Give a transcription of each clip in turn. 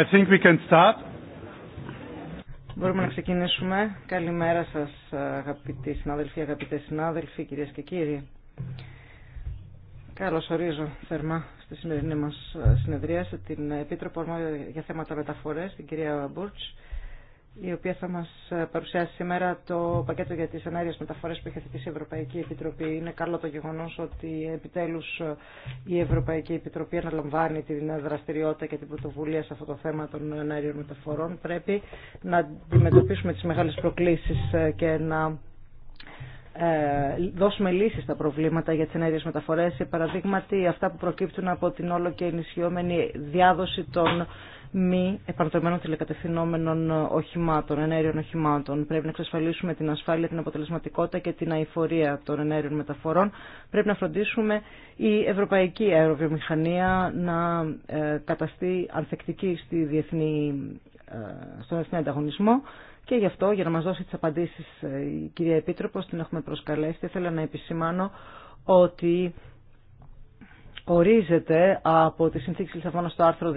I think we can start. Μπορούμε να ξεκινήσουμε. Καλημέρα σας αγαπητοί συνάδελφοι, αγαπητέ συνάδελφοι, κυρίες και κύριοι. Καλώς ορίζω θερμά στη σημερινή μας σε την Επίτροπο για θέματα μεταφορές, την κυρία Μπούρτς, η οποία θα μας παρουσιάσει σήμερα το πακέτο για τις ενέργειες μεταφορές που έχει θετήσει η Ευρωπαϊκή Επιτροπή. Είναι καλό το γεγονός ότι επιτέλους η Ευρωπαϊκή Επιτροπή αναλαμβάνει την δραστηριότητα και την πρωτοβουλία σε αυτό το θέμα των ενέργειων μεταφορών. Πρέπει να αντιμετωπίσουμε τις μεγάλες προκλήσεις και να ε, δώσουμε λύσεις στα προβλήματα για τις ενέργειες μεταφορές, παραδείγματι αυτά που προκύπτουν από την όλο και ενισχυόμενη διάδοση των μη επανατολμένων τηλεκατευθυνόμενων οχημάτων, ενέργειων οχημάτων. Πρέπει να εξασφαλίσουμε την ασφάλεια, την αποτελεσματικότητα και την αηφορία των ενέργειων μεταφορών. Πρέπει να φροντίσουμε η ευρωπαϊκή αεροβιομηχανία να ε, καταστεί ανθεκτική στη διεθνή, ε, στον διεθνή ανταγωνισμό. Και γι' αυτό, για να μας δώσει τις απαντήσεις ε, η κυρία Επίτροπος, την έχουμε προσκαλέσει, θέλω να επισημάνω ότι ορίζεται από τη συνθήκη Λισαβόνα στο άρθρο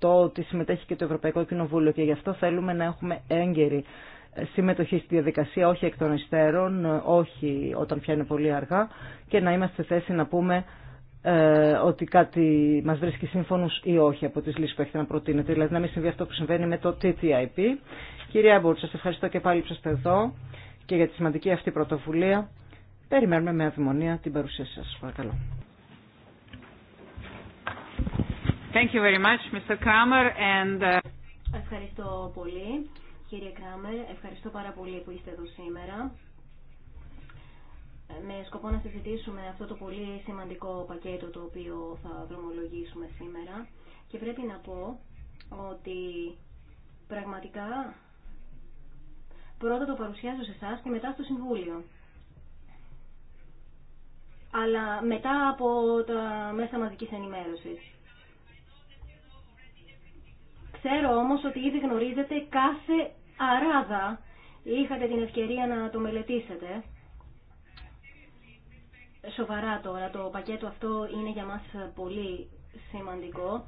218 ότι συμμετέχει και το Ευρωπαϊκό Κοινοβούλιο και γι' αυτό θέλουμε να έχουμε έγκαιρη συμμετοχή στη διαδικασία, όχι εκ των υστέρων, όχι όταν πια είναι πολύ αργά και να είμαστε σε θέση να πούμε ε, ότι κάτι μας βρίσκει σύμφωνος ή όχι από τις λύσεις που έχετε να προτείνετε. Δηλαδή να μην συμβεί αυτό που συμβαίνει με το TTIP. Κυρία Μπούρτ, σας ευχαριστώ και πάλι που είστε εδώ και για τη σημαντική αυτή πρωτοβουλία. Περιμένουμε με αδημονία την παρουσία σας. Παρακαλώ. Thank you very much, uh, Ευχαριστώ πολύ, κύριε Κράμερ. Ευχαριστώ πάρα πολύ που είστε εδώ σήμερα με σκοπό να συζητήσουμε αυτό το πολύ σημαντικό πακέτο το οποίο θα δρομολογήσουμε σήμερα και πρέπει να πω ότι πραγματικά πρώτα το παρουσιάζω σε εσά και μετά στο Συμβούλιο. Αλλά μετά από τα μέσα μαζικής ενημέρωσης. Ξέρω όμω ότι ήδη γνωρίζετε κάθε αράδα. Είχατε την ευκαιρία να το μελετήσετε. Σοβαρά τώρα, το πακέτο αυτό είναι για μας πολύ σημαντικό.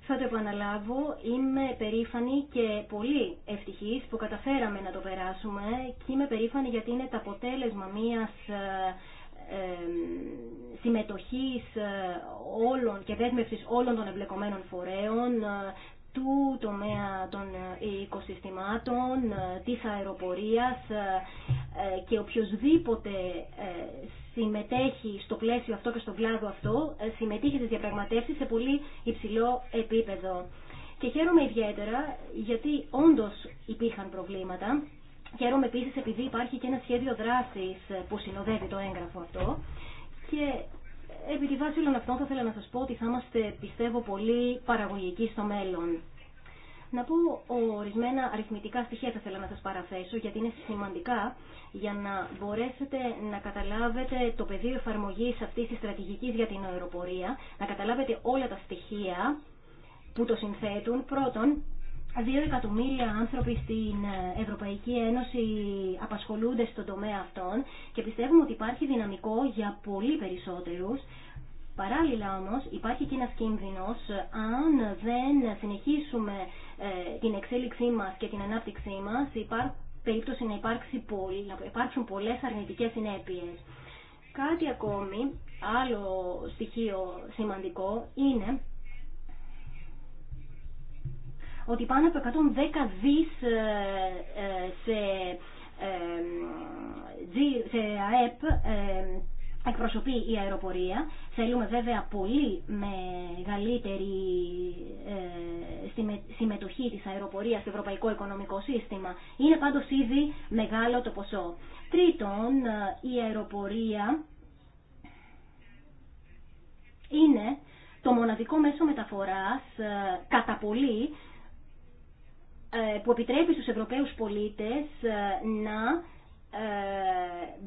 Θα το επαναλάβω, είμαι περήφανη και πολύ ευτυχής που καταφέραμε να το περάσουμε και είμαι περήφανη γιατί είναι το αποτέλεσμα μιας ε, συμμετοχής ε, όλων και δέσμευσης όλων των εμπλεκομένων φορέων, του τομέα των ε, οικοσυστημάτων, ε, της αεροπορίας ε, και οποιοδήποτε συμμετέχει στο πλαίσιο αυτό και στον κλάδο αυτό, συμμετείχε στις διαπραγματεύσεις σε πολύ υψηλό επίπεδο. Και χαίρομαι ιδιαίτερα γιατί όντως υπήρχαν προβλήματα. Χαίρομαι επίσης επειδή υπάρχει και ένα σχέδιο δράσης που συνοδεύει το έγγραφο αυτό επί τη βάση όλων αυτών θα ήθελα να σας πω ότι θα είμαστε, πιστεύω, πολύ παραγωγικοί στο μέλλον. Να πω ορισμένα αριθμητικά στοιχεία θα ήθελα να σας παραθέσω, γιατί είναι σημαντικά για να μπορέσετε να καταλάβετε το πεδίο εφαρμογής αυτής της στρατηγικής για την αεροπορία, να καταλάβετε όλα τα στοιχεία που το συνθέτουν. Πρώτον, Δύο εκατομμύρια άνθρωποι στην ε, Ευρωπαϊκή Ένωση απασχολούνται στον τομέα αυτών και πιστεύουμε ότι υπάρχει δυναμικό για πολύ περισσότερους. Παράλληλα όμως υπάρχει και ένας κίνδυνος ε, αν δεν συνεχίσουμε ε, την εξέλιξή μας και την ανάπτυξή μας υπάρχει περίπτωση να, υπάρξει να υπάρξουν πολλές αρνητικές συνέπειες. Κάτι ακόμη, άλλο στοιχείο σημαντικό είναι ότι πάνω από 110 δις ε, ε, ε, σε, ΑΕΠ εκπροσωπεί η αεροπορία. Θέλουμε βέβαια πολύ μεγαλύτερη συμμετοχή της αεροπορίας στο ευρωπαϊκό οικονομικό σύστημα. Είναι πάντως ήδη μεγάλο το ποσό. Τρίτον, η αεροπορία είναι το μοναδικό μέσο μεταφοράς κατά πολύ ε, που επιτρέπει στους Ευρωπαίους πολίτες ε, να ε,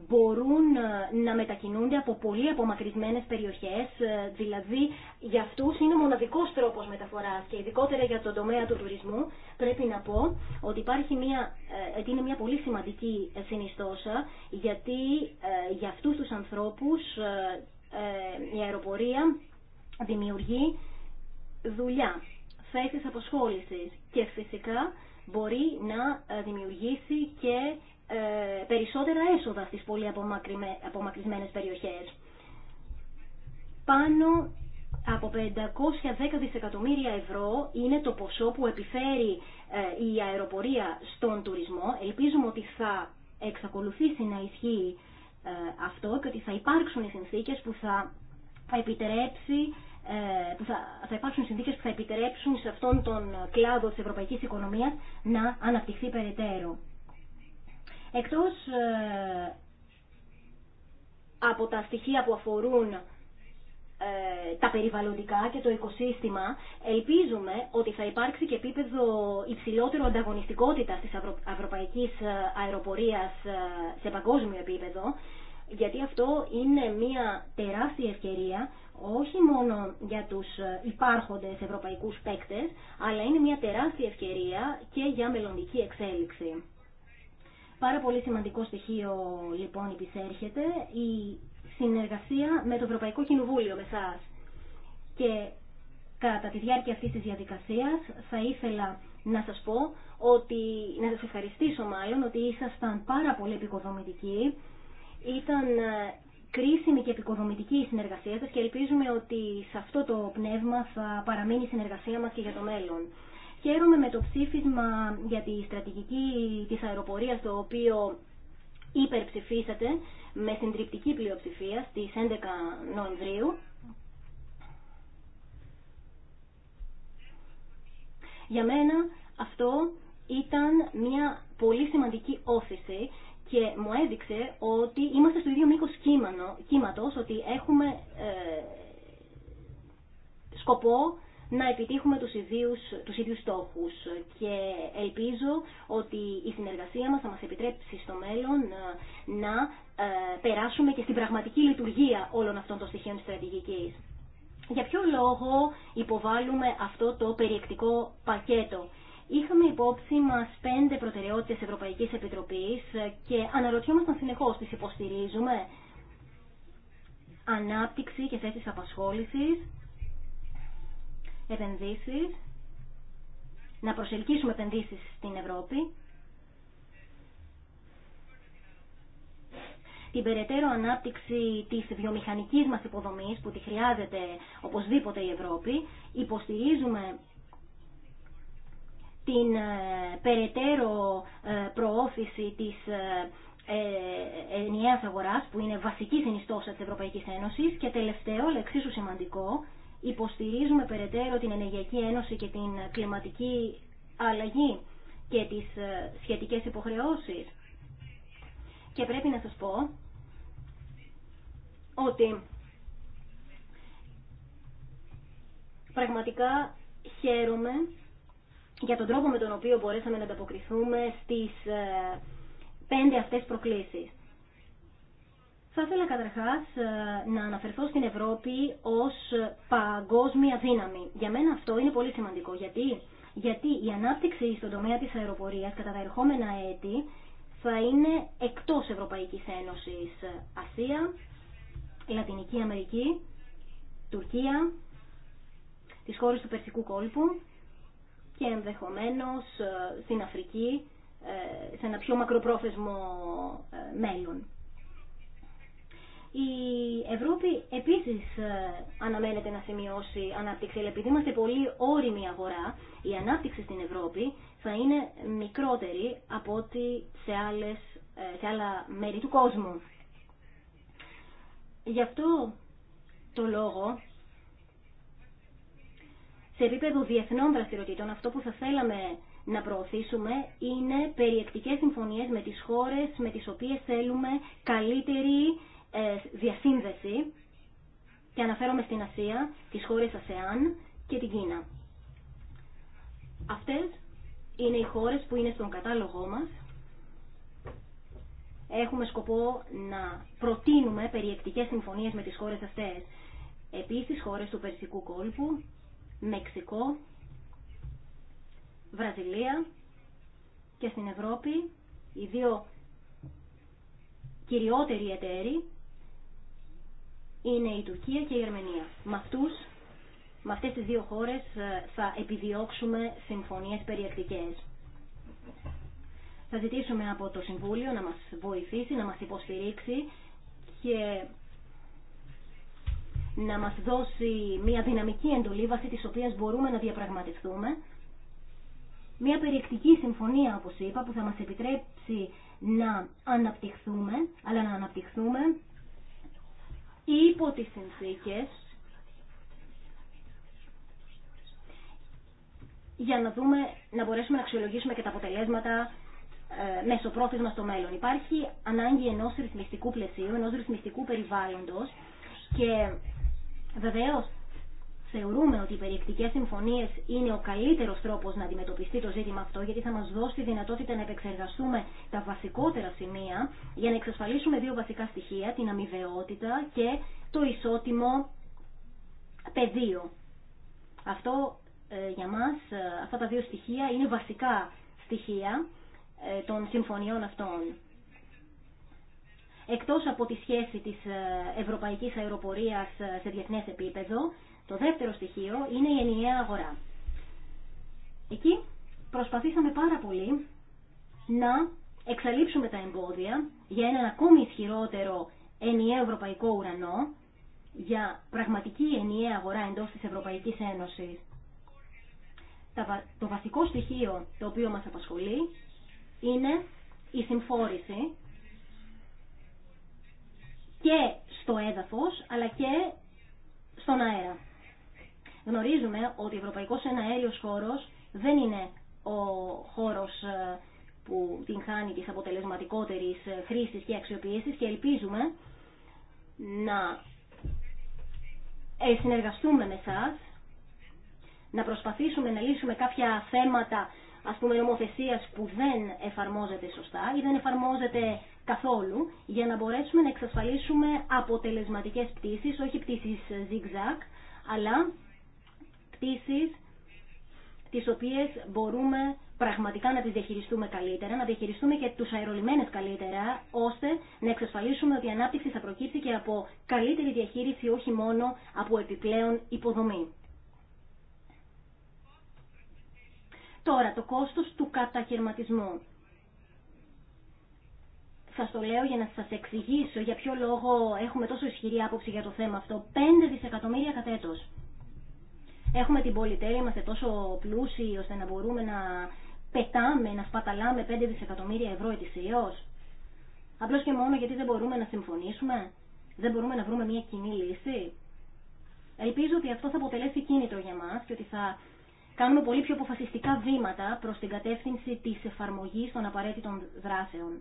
μπορούν να μετακινούνται από πολύ απομακρυσμένες περιοχές, δηλαδή για αυτούς είναι ο μοναδικός τρόπος μεταφοράς και ειδικότερα για τον τομέα του τουρισμού πρέπει να πω ότι υπάρχει μια, είναι μια πολύ σημαντική συνιστόσα γιατί για αυτούς τους ανθρώπους η αεροπορία δημιουργεί δουλειά θέσεις αποσχόλησης και φυσικά μπορεί να ε, δημιουργήσει και ε, περισσότερα έσοδα στις πολύ απομακρυσμένες περιοχές. Πάνω από 510 δισεκατομμύρια ευρώ είναι το ποσό που επιφέρει ε, η αεροπορία στον τουρισμό. Ελπίζουμε ότι θα εξακολουθήσει να ισχύει αυτό και ότι θα υπάρξουν οι συνθήκες που θα επιτρέψει ε, που θα, θα υπάρξουν συνθήκες που θα επιτρέψουν σε αυτόν τον κλάδο της ευρωπαϊκής οικονομίας να αναπτυχθεί περαιτέρω. Εκτός ε, από τα στοιχεία που αφορούν ε, τα περιβαλλοντικά και το οικοσύστημα, ελπίζουμε ότι θα υπάρξει και επίπεδο υψηλότερο ανταγωνιστικότητας της Ευρωπαϊκή αεροπορίας σε παγκόσμιο επίπεδο γιατί αυτό είναι μια τεράστια ευκαιρία όχι μόνο για τους ε, υπάρχοντες ευρωπαϊκούς παίκτες, αλλά είναι μια τεράστια ευκαιρία και για μελλοντική εξέλιξη. Πάρα πολύ σημαντικό στοιχείο λοιπόν υπησέρχεται η συνεργασία με το Ευρωπαϊκό Κοινοβούλιο, με εσάς. Και κατά τη διάρκεια αυτής της διαδικασίας θα ήθελα να σας πω ότι, να σας ευχαριστήσω μάλλον ότι ήσασταν πάρα πολύ επικοδομητικοί ήταν ε, κρίσιμη και επικοδομητική η συνεργασία σας και ελπίζουμε ότι σε αυτό το πνεύμα θα παραμείνει η συνεργασία μας και για το μέλλον. Χαίρομαι με το ψήφισμα για τη στρατηγική της αεροπορίας το οποίο υπερψηφίσατε με συντριπτική πλειοψηφία στις 11 Νοεμβρίου. Για μένα αυτό ήταν μια πολύ σημαντική όθηση και μου έδειξε ότι είμαστε στο ίδιο μήκος κύματος, ότι έχουμε ε, σκοπό να επιτύχουμε τους ίδιους, τους ίδιους στόχους και ελπίζω ότι η συνεργασία μας θα μας επιτρέψει στο μέλλον ε, να ε, περάσουμε και στην πραγματική λειτουργία όλων αυτών των στοιχείων της στρατηγικής. Για ποιο λόγο υποβάλλουμε αυτό το περιεκτικό πακέτο. Είχαμε υπόψη μα πέντε προτεραιότητε Ευρωπαϊκή Επιτροπή ε, και αναρωτιόμασταν συνεχώ τι υποστηρίζουμε. Ανάπτυξη και θέσει απασχόληση, επενδύσει, να προσελκύσουμε επενδύσει στην Ευρώπη. την περαιτέρω ανάπτυξη της βιομηχανικής μας υποδομής που τη χρειάζεται οπωσδήποτε η Ευρώπη. Υποστηρίζουμε την ε, περαιτέρω ε, προώθηση της ε, ενιαίας αγοράς που είναι βασική συνιστόσα της Ευρωπαϊκής Ένωσης και τελευταίο, αλλά εξίσου σημαντικό, υποστηρίζουμε περαιτέρω την Ενεργειακή Ένωση και την κλιματική αλλαγή και τις σχετικές υποχρεώσεις. Και πρέπει να σας πω ότι πραγματικά χαίρομαι για τον τρόπο με τον οποίο μπορέσαμε να ανταποκριθούμε στις ε, πέντε αυτές προκλήσεις. Θα ήθελα καταρχάς ε, να αναφερθώ στην Ευρώπη ως παγκόσμια δύναμη. Για μένα αυτό είναι πολύ σημαντικό. Γιατί, Γιατί η ανάπτυξη στον τομέα της αεροπορίας κατά τα ερχόμενα έτη θα είναι εκτός Ευρωπαϊκής Ένωσης Ασία, Λατινική Αμερική, Τουρκία, τις χώρες του Περσικού κόλπου και ενδεχομένως ε, στην Αφρική ε, σε ένα πιο μακροπρόθεσμο ε, μέλλον. Η Ευρώπη επίσης αναμένεται να σημειώσει ανάπτυξη, αλλά επειδή είμαστε πολύ όρημη αγορά, η ανάπτυξη στην Ευρώπη θα είναι μικρότερη από ό,τι σε, άλλες, σε άλλα μέρη του κόσμου. Γι' αυτό το λόγο σε επίπεδο διεθνών δραστηριοτήτων αυτό που θα θέλαμε να προωθήσουμε είναι περιεκτικές συμφωνίες με τις χώρες με τις οποίες θέλουμε καλύτερη ε, διασύνδεση και αναφέρομαι στην Ασία, τις χώρες ΑΣΕΑΝ και την Κίνα. Αυτές είναι οι χώρες που είναι στον κατάλογό μας. Έχουμε σκοπό να προτείνουμε περιεκτικές συμφωνίες με τις χώρες αυτές. Επίσης, χώρες του Περσικού κόλπου, Μεξικό, Βραζιλία και στην Ευρώπη οι δύο κυριότεροι εταίροι είναι η Τουρκία και η Γερμανία. Με αυτούς, με αυτές τις δύο χώρες ε, θα επιδιώξουμε συμφωνίες περιεκτικές. Θα ζητήσουμε από το Συμβούλιο να μας βοηθήσει, να μας υποστηρίξει και να μας δώσει μια δυναμική εντολή βάσει της οποίας μπορούμε να διαπραγματευτούμε. Μια περιεκτική συμφωνία, όπως είπα, που θα μας επιτρέψει να αναπτυχθούμε, αλλά να αναπτυχθούμε υπό τις συνθήκες για να δούμε, να μπορέσουμε να αξιολογήσουμε και τα αποτελέσματα ε, μεσοπρόθεσμα στο μέλλον. Υπάρχει ανάγκη ενός ρυθμιστικού πλαισίου, ενός ρυθμιστικού περιβάλλοντος και Βεβαίω, θεωρούμε ότι οι περιεκτικές συμφωνίε είναι ο καλύτερος τρόπος να αντιμετωπιστεί το ζήτημα αυτό, γιατί θα μας δώσει τη δυνατότητα να επεξεργαστούμε τα βασικότερα σημεία για να εξασφαλίσουμε δύο βασικά στοιχεία, την αμοιβαιότητα και το ισότιμο πεδίο. Αυτό ε, για μας, ε, αυτά τα δύο στοιχεία είναι βασικά στοιχεία ε, των συμφωνιών αυτών εκτός από τη σχέση της ε, ευρωπαϊκής αεροπορίας ε, σε διεθνές επίπεδο, το δεύτερο στοιχείο είναι η ενιαία αγορά. Εκεί προσπαθήσαμε πάρα πολύ να εξαλείψουμε τα εμπόδια για έναν ακόμη ισχυρότερο ενιαίο ευρωπαϊκό ουρανό, για πραγματική ενιαία αγορά εντός της Ευρωπαϊκής Ένωσης. Το βασικό στοιχείο το οποίο μας απασχολεί είναι η συμφόρηση και στο έδαφος αλλά και στον αέρα. Γνωρίζουμε ότι ο Ευρωπαϊκός Εναέριος Χώρος δεν είναι ο χώρος ε, που την χάνει της αποτελεσματικότερης ε, χρήσης και αξιοποίησης και ελπίζουμε να ε, συνεργαστούμε με εσάς, να προσπαθήσουμε να λύσουμε κάποια θέματα ας πούμε νομοθεσίας που δεν εφαρμόζεται σωστά ή δεν εφαρμόζεται καθόλου για να μπορέσουμε να εξασφαλίσουμε αποτελεσματικές πτήσεις, όχι πτήσεις ε, zigzag, αλλά πτήσεις τις οποίες μπορούμε πραγματικά να τις διαχειριστούμε καλύτερα, να διαχειριστούμε και τους αερολιμένες καλύτερα, ώστε να εξασφαλίσουμε ότι η ανάπτυξη θα προκύψει και από καλύτερη διαχείριση, όχι μόνο από επιπλέον υποδομή. Τώρα, το κόστος του καταχειρματισμού. Σας το λέω για να σας εξηγήσω για ποιο λόγο έχουμε τόσο ισχυρή άποψη για το θέμα αυτό. 5 δισεκατομμύρια κατ' έτος. Έχουμε την πολυτέλεια, είμαστε τόσο πλούσιοι ώστε να μπορούμε να πετάμε, να σπαταλάμε 5 δισεκατομμύρια ευρώ ετησίως. Απλώς και μόνο γιατί δεν μπορούμε να συμφωνήσουμε, δεν μπορούμε να βρούμε μια κοινή λύση. Ελπίζω ότι αυτό θα αποτελέσει κίνητρο για μας και ότι θα κάνουμε πολύ πιο αποφασιστικά βήματα προς την κατεύθυνση της εφαρμογής των απαραίτητων δράσεων.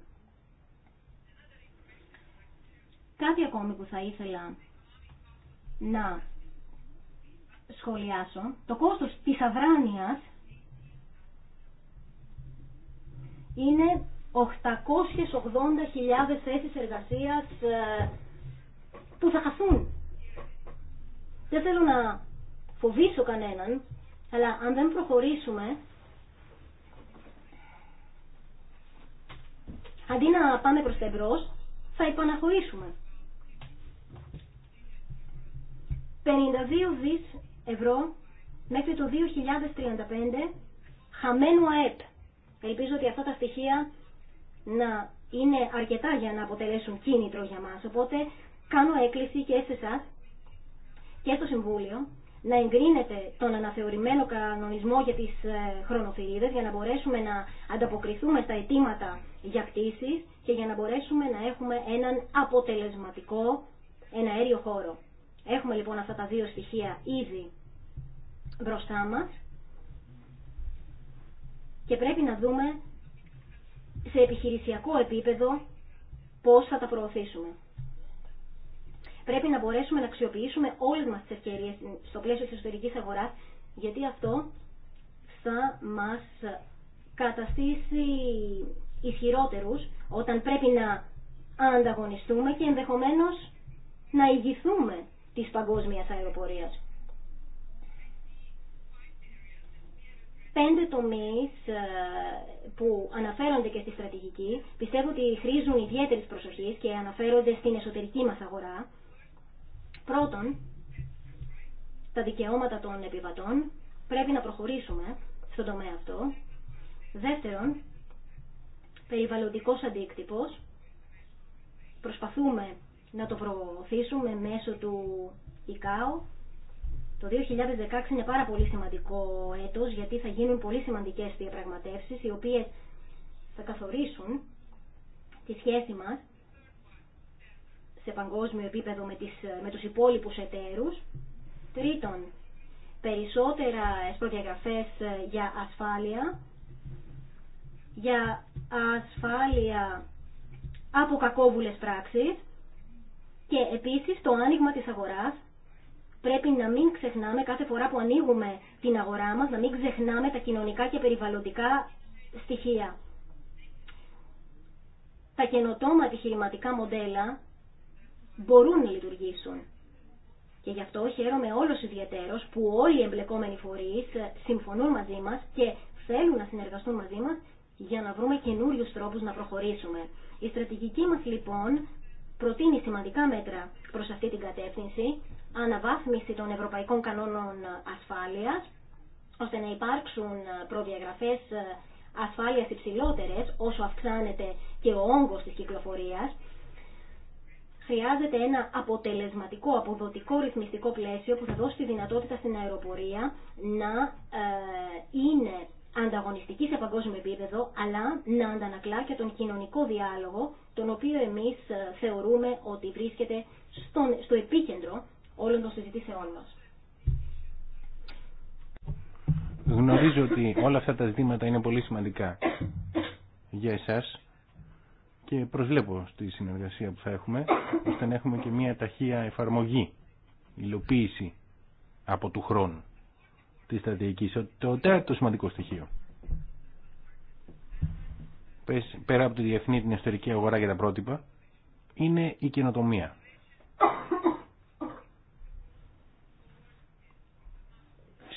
Κάτι ακόμη που θα ήθελα να σχολιάσω. Το κόστος της αδράνειας είναι 880.000 θέσεις εργασίας ε, που θα χαθούν. Δεν θέλω να φοβήσω κανέναν, αλλά αν δεν προχωρήσουμε, αντί να πάμε προς τα θα υπαναχωρήσουμε. 52 δις ευρώ μέχρι το 2035 χαμένου ΑΕΠ. Ελπίζω ότι αυτά τα στοιχεία να είναι αρκετά για να αποτελέσουν κίνητρο για μας. Οπότε κάνω έκκληση και σε εσά και στο Συμβούλιο να εγκρίνετε τον αναθεωρημένο κανονισμό για τις ε, χρονοφυρίδες για να μπορέσουμε να ανταποκριθούμε στα αιτήματα για κτήσεις και για να μπορέσουμε να έχουμε έναν αποτελεσματικό εναέριο χώρο. Έχουμε λοιπόν αυτά τα δύο στοιχεία ήδη μπροστά μας και πρέπει να δούμε σε επιχειρησιακό επίπεδο πώς θα τα προωθήσουμε. Πρέπει να μπορέσουμε να αξιοποιήσουμε όλες μας τις ευκαιρίες στο πλαίσιο της εσωτερικής αγοράς, γιατί αυτό θα μας καταστήσει ισχυρότερους όταν πρέπει να ανταγωνιστούμε και ενδεχομένως να ηγηθούμε της παγκόσμιας αεροπορίας. Πέντε τομείς ε, που αναφέρονται και στη στρατηγική πιστεύω ότι χρήζουν ιδιαίτερης προσοχής και αναφέρονται στην εσωτερική μας αγορά. Πρώτον, τα δικαιώματα των επιβατών. Πρέπει να προχωρήσουμε στον τομέα αυτό. Δεύτερον, περιβαλλοντικός αντίκτυπος. Προσπαθούμε να το προωθήσουμε μέσω του ΙΚΑΟ. Το 2016 είναι πάρα πολύ σημαντικό έτος γιατί θα γίνουν πολύ σημαντικές διαπραγματεύσεις οι οποίες θα καθορίσουν τη σχέση μας σε παγκόσμιο επίπεδο με, τις, με τους υπόλοιπους εταίρους. Τρίτον, περισσότερα προδιαγραφές για ασφάλεια, για ασφάλεια από κακόβουλες πράξεις, και επίσης το άνοιγμα της αγοράς πρέπει να μην ξεχνάμε κάθε φορά που ανοίγουμε την αγορά μας, να μην ξεχνάμε τα κοινωνικά και περιβαλλοντικά στοιχεία. Τα καινοτόμα επιχειρηματικά μοντέλα μπορούν να λειτουργήσουν. Και γι' αυτό χαίρομαι όλος ιδιαιτέρως που όλοι οι εμπλεκόμενοι φορείς συμφωνούν μαζί μας και θέλουν να συνεργαστούν μαζί μας για να βρούμε καινούριου τρόπους να προχωρήσουμε. Η στρατηγική μας λοιπόν προτείνει σημαντικά μέτρα προς αυτή την κατεύθυνση, αναβάθμιση των ευρωπαϊκών κανόνων ασφάλειας, ώστε να υπάρξουν προδιαγραφές ε, ασφάλειας υψηλότερες όσο αυξάνεται και ο όγκος της κυκλοφορίας, χρειάζεται ένα αποτελεσματικό, αποδοτικό ρυθμιστικό πλαίσιο που θα δώσει τη δυνατότητα στην αεροπορία να ε, είναι ανταγωνιστική σε παγκόσμιο επίπεδο, αλλά να αντανακλά και τον κοινωνικό διάλογο, τον οποίο εμείς ε, θεωρούμε ότι βρίσκεται στον, στο επίκεντρο όλων των συζητήσεών μας. Γνωρίζω ότι όλα αυτά τα ζητήματα είναι πολύ σημαντικά για εσάς και προσβλέπω στη συνεργασία που θα έχουμε, ώστε να έχουμε και μια ταχεία εφαρμογή, υλοποίηση από του χρόνου. Τη στρατηγική. Το τέταρτο σημαντικό στοιχείο. Πέρα από τη διεθνή την εσωτερική αγορά για τα πρότυπα, είναι η καινοτομία.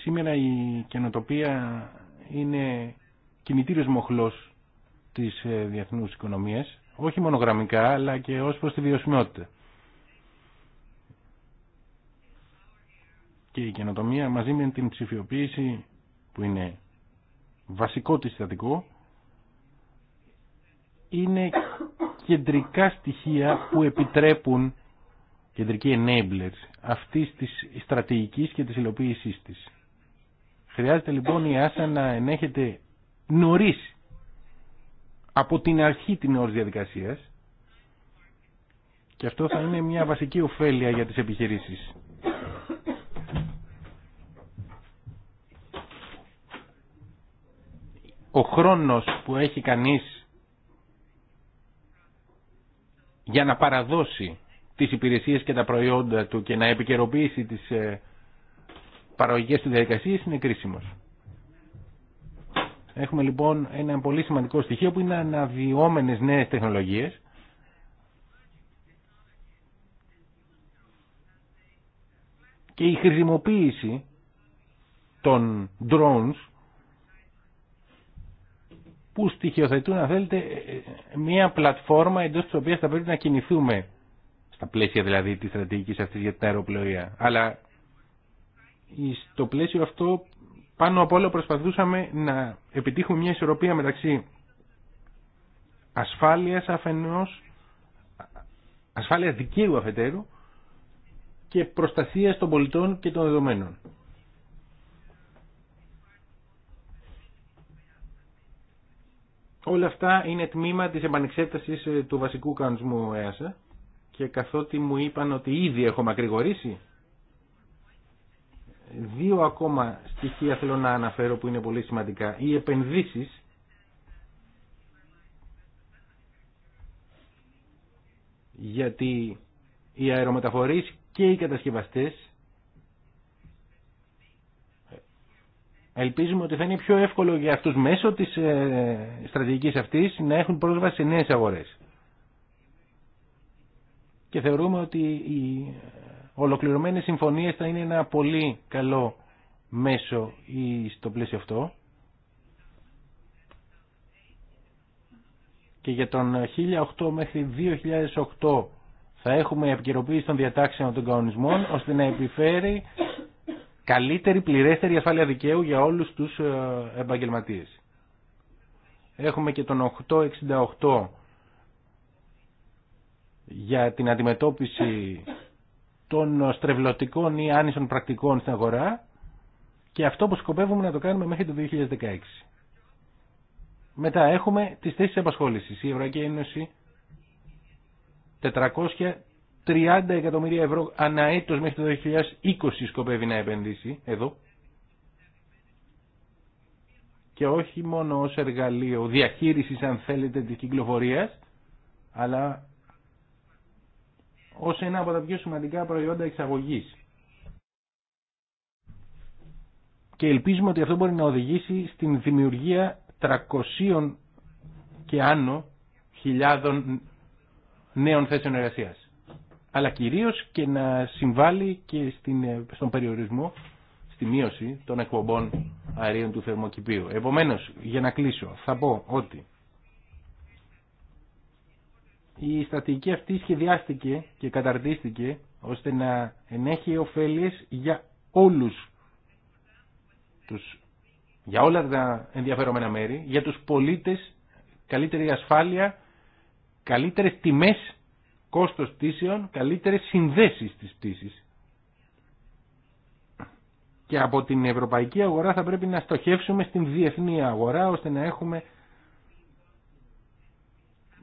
Σήμερα η καινοτοπία είναι κινητήριος μοχλός της ε, διεθνούς οικονομίας, όχι μονογραμμικά αλλά και ως προς τη βιωσιμότητα. και η καινοτομία μαζί με την ψηφιοποίηση που είναι βασικό της συστατικό είναι κεντρικά στοιχεία που επιτρέπουν κεντρικοί enablers αυτής της στρατηγικής και της υλοποίησής της. Χρειάζεται λοιπόν η άσα να ενέχεται νωρίς από την αρχή την ώρα διαδικασίας και αυτό θα είναι μια βασική ωφέλεια για τις επιχειρήσεις. ο χρόνος που έχει κανείς για να παραδώσει τις υπηρεσίες και τα προϊόντα του και να επικαιροποιήσει τις ε, παραγωγικές του διαδικασίες είναι κρίσιμος. Έχουμε λοιπόν ένα πολύ σημαντικό στοιχείο που είναι αναβιώμενες νέες τεχνολογίες και η χρησιμοποίηση των drones που στοιχειοθετούν, αν θέλετε, μια πλατφόρμα εντό τη οποία θα πρέπει να κινηθούμε στα πλαίσια δηλαδή τη στρατηγική αυτή για την αεροπλοεία. Αλλά στο πλαίσιο αυτό πάνω απ' όλα προσπαθούσαμε να επιτύχουμε μια ισορροπία μεταξύ ασφάλειας αφενός, ασφάλειας δικαίου αφετέρου και προστασίας των πολιτών και των δεδομένων. Όλα αυτά είναι τμήμα της επανεξέτασης ε, του βασικού κανονισμού ΕΑΣΑ και καθότι μου είπαν ότι ήδη έχω μακρηγορήσει, δύο ακόμα στοιχεία θέλω να αναφέρω που είναι πολύ σημαντικά. Οι επενδύσεις γιατί οι αερομεταφορείς και οι κατασκευαστές Ελπίζουμε ότι θα είναι πιο εύκολο για αυτούς μέσω της ε, στρατηγική αυτή να έχουν πρόσβαση σε νέες αγορές. Και θεωρούμε ότι οι ε, ολοκληρωμένε συμφωνίε θα είναι ένα πολύ καλό μέσο ή στο πλαίσιο αυτό. Και για τον 2008 μέχρι 2008 θα έχουμε επικαιροποίηση των διατάξεων των κανονισμών ώστε να επιφέρει καλύτερη, πληρέστερη ασφάλεια δικαίου για όλους τους ε, επαγγελματίες. Έχουμε και τον 868 για την αντιμετώπιση των στρεβλωτικών ή άνισων πρακτικών στην αγορά και αυτό που σκοπεύουμε να το κάνουμε μέχρι το 2016. Μετά έχουμε τις θέσεις απασχόλησης. Η Ευρωπαϊκή Ένωση 30 εκατομμύρια ευρώ ανά μέχρι το 2020 σκοπεύει να επενδύσει εδώ. Και όχι μόνο ως εργαλείο διαχείρισης αν θέλετε της κυκλοφορίας, αλλά ως ένα από τα πιο σημαντικά προϊόντα εξαγωγής. Και ελπίζουμε ότι αυτό μπορεί να οδηγήσει στην δημιουργία 300 και άνω χιλιάδων νέων θέσεων εργασίας αλλά κυρίως και να συμβάλλει και στην, ε, στον περιορισμό, στη μείωση των εκπομπών αερίων του θερμοκηπίου. Επομένως, για να κλείσω, θα πω ότι η στατική αυτή σχεδιάστηκε και καταρτίστηκε ώστε να ενέχει ωφέλειες για όλους τους, για όλα τα ενδιαφερόμενα μέρη, για τους πολίτες, καλύτερη ασφάλεια, καλύτερες τιμές κόστος πτήσεων, καλύτερες συνδέσεις στις πτήσεις. Και από την ευρωπαϊκή αγορά θα πρέπει να στοχεύσουμε στην διεθνή αγορά ώστε να έχουμε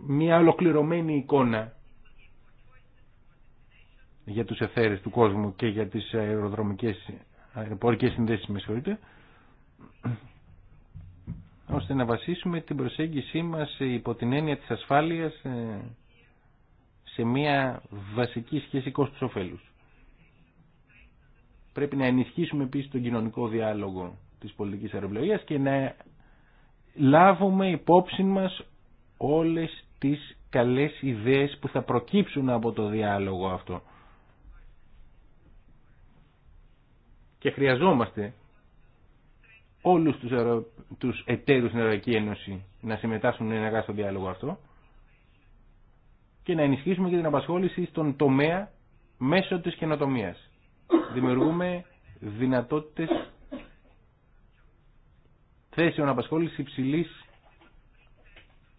μια ολοκληρωμένη εικόνα για τους εθέρες του κόσμου και για τις αεροδρομικές αεροπορικές συνδέσεις με συγχωρείτε ώστε να βασίσουμε την προσέγγισή μας υπό την έννοια της ασφάλειας ε, σε μια βασική σχέση κόστους ωφέλους. Πρέπει να ενισχύσουμε επίσης τον κοινωνικό διάλογο της πολιτικής αεροπλοείας και να λάβουμε υπόψη μας όλες τις καλές ιδέες που θα προκύψουν από το διάλογο αυτό. Και χρειαζόμαστε όλους τους, αερο... τους εταίρους στην Ευρωπαϊκή Ένωση να συμμετάσχουν ενεργά στο διάλογο αυτό και να ενισχύσουμε και την απασχόληση στον τομέα μέσω της καινοτομίας. Δημιουργούμε δυνατότητες θέσεων απασχόλησης υψηλή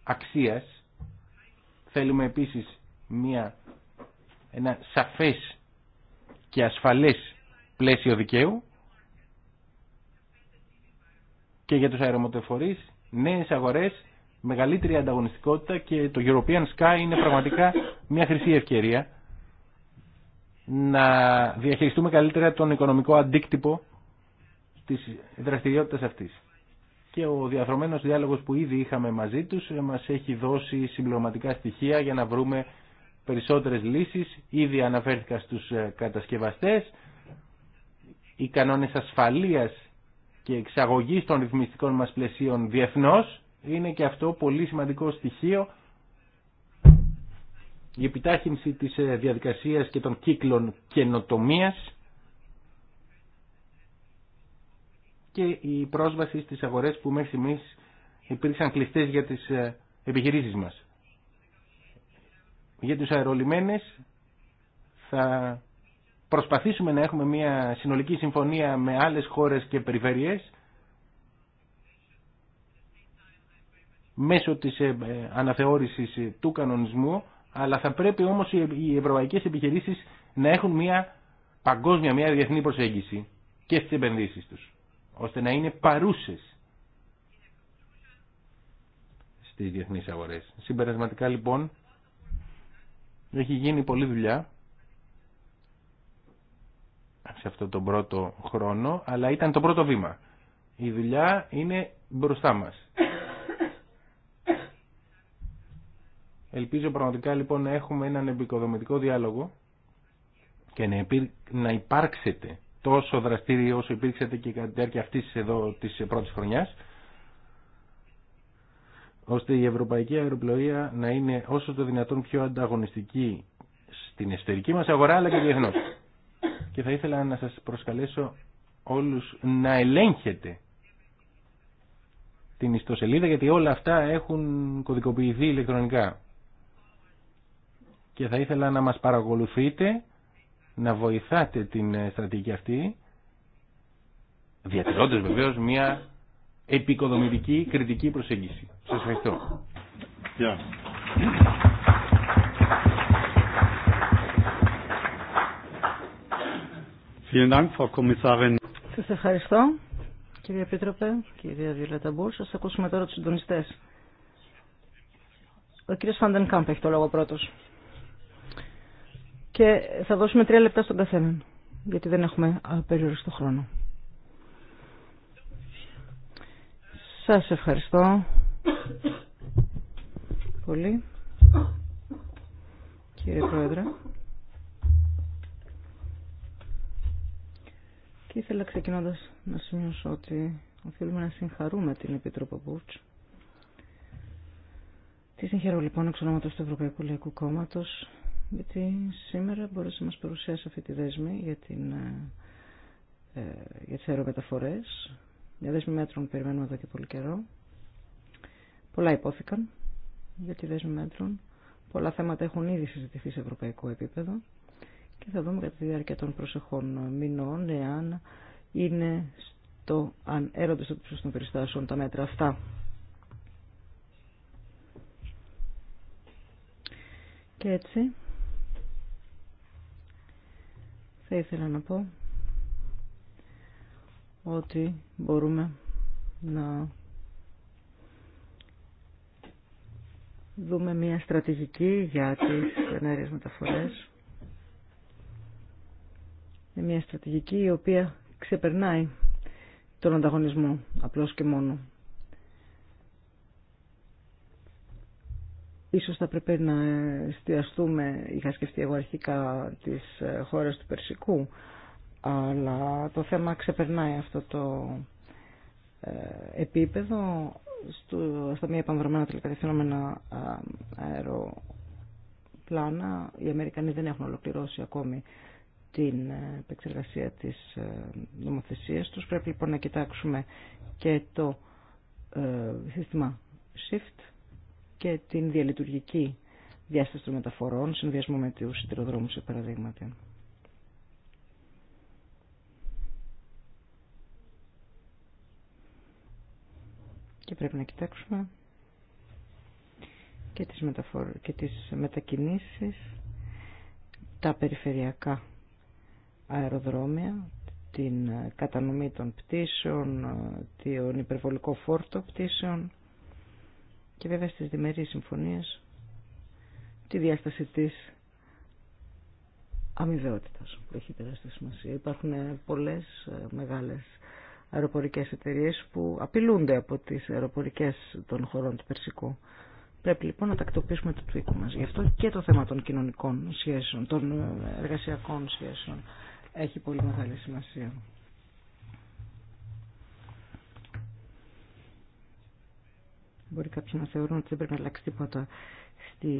αξίας. Θέλουμε επίσης μια, ένα σαφές και ασφαλές πλαίσιο δικαίου και για τους αερομοτεφορείς νέες αγορές μεγαλύτερη ανταγωνιστικότητα και το European Sky είναι πραγματικά μια χρυσή ευκαιρία να διαχειριστούμε καλύτερα τον οικονομικό αντίκτυπο της δραστηριότητας αυτής. Και ο διαφρομένος διάλογος που ήδη είχαμε μαζί τους μας έχει δώσει συμπληρωματικά στοιχεία για να βρούμε περισσότερες λύσεις. Ήδη αναφέρθηκα στους κατασκευαστές. Οι κανόνες ασφαλείας και εξαγωγής των ρυθμιστικών μας πλαισίων διεθνώς είναι και αυτό πολύ σημαντικό στοιχείο η επιτάχυνση της ε, διαδικασίας και των κύκλων καινοτομία και η πρόσβαση στις αγορές που μέχρι στιγμής υπήρξαν κλειστές για τις ε, επιχειρήσεις μας. Για τους αερολιμένες θα προσπαθήσουμε να έχουμε μια συνολική συμφωνία με άλλες χώρες και περιφέρειες μέσω της ε, ε, αναθεώρησης ε, του κανονισμού, αλλά θα πρέπει όμως οι ευρωπαϊκές επιχειρήσεις να έχουν μια παγκόσμια, μια διεθνή προσέγγιση και στις επενδύσεις τους, ώστε να είναι παρούσες στις διεθνείς αγορές. Συμπερασματικά λοιπόν, έχει γίνει πολλή δουλειά σε αυτό τον πρώτο χρόνο, αλλά ήταν το πρώτο βήμα. Η δουλειά είναι μπροστά μας. Ελπίζω πραγματικά λοιπόν να έχουμε έναν επικοδομητικό διάλογο και να υπάρξετε τόσο δραστήριοι όσο υπήρξατε και κατά τη διάρκεια αυτής εδώ της πρώτης χρονιάς ώστε η ευρωπαϊκή αεροπλοεία να είναι όσο το δυνατόν πιο ανταγωνιστική στην εσωτερική μας αγορά αλλά και διεθνώς. Και θα ήθελα να σας προσκαλέσω όλους να ελέγχετε την ιστοσελίδα γιατί όλα αυτά έχουν κωδικοποιηθεί ηλεκτρονικά και θα ήθελα να μας παρακολουθείτε, να βοηθάτε την ε, στρατηγική αυτή, διατηρώντας βεβαίως μια επικοδομητική κριτική προσέγγιση. Σας ευχαριστώ. Yeah. Σας ευχαριστώ, κύριε Επίτροπε, κύριε Βιολέτα Μπούρ. Σας ακούσουμε τώρα τους συντονιστές. Ο κύριος Φαντενκάμπ έχει το λόγο πρώτος και θα δώσουμε τρία λεπτά στον καθέναν, γιατί δεν έχουμε περιοριστό χρόνο. Σας ευχαριστώ πολύ, κύριε Πρόεδρε. Και ήθελα ξεκινώντας να σημειώσω ότι οφείλουμε να συγχαρούμε την Επίτροπο Μπούρτς. Τη συγχαίρω λοιπόν εξ ονόματος του Ευρωπαϊκού Λαϊκού Κόμματος γιατί σήμερα μπορείς να μας παρουσιάσει αυτή τη δέσμη για, την, ε, ε, για τις αερομεταφορές. Μια δέσμη μέτρων περιμένουμε εδώ και πολύ καιρό. Πολλά υπόθηκαν για τη δέσμη μέτρων. Πολλά θέματα έχουν ήδη συζητηθεί σε ευρωπαϊκό επίπεδο και θα δούμε κατά τη διάρκεια των προσεχών μηνών εάν είναι στο, αν έρονται στο των περιστάσεων τα μέτρα αυτά. Και έτσι θα ήθελα να πω ότι μπορούμε να δούμε μια στρατηγική για τις ενέργειες μεταφορές. μια στρατηγική η οποία ξεπερνάει τον ανταγωνισμό απλώς και μόνο. Ίσως θα πρέπει να εστιαστούμε, είχα σκεφτεί εγώ αρχικά, τις ε, χώρες του Περσικού, αλλά το θέμα ξεπερνάει αυτό το ε, επίπεδο στο, στα μία επανδρομένα τελικά ε, αεροπλάνα. Οι Αμερικανοί δεν έχουν ολοκληρώσει ακόμη την επεξεργασία της νομοθεσίας τους. Πρέπει λοιπόν να κοιτάξουμε και το ε, σύστημα SHIFT, και την διαλειτουργική διάσταση των μεταφορών, συνδυασμό με του σιδηροδρόμου σε παραδείγματα. Και πρέπει να κοιτάξουμε και τις, μεταφορ... και τις μετακινήσεις, τα περιφερειακά αεροδρόμια, την κατανομή των πτήσεων, ε, τον υπερβολικό φόρτο πτήσεων, και βέβαια στις διμερείς συμφωνίες τη διάσταση της αμοιβαιότητας που έχει τεράστια σημασία. Υπάρχουν πολλές ε, μεγάλες αεροπορικές εταιρείες που απειλούνται από τις αεροπορικές των χωρών του Περσικού. Πρέπει λοιπόν να τακτοποιήσουμε το τουίκο μας. Γι' αυτό και το θέμα των κοινωνικών σχέσεων, των εργασιακών σχέσεων έχει πολύ μεγάλη σημασία. Μπορεί κάποιοι να θεωρούν ότι δεν πρέπει να αλλάξει τίποτα στη,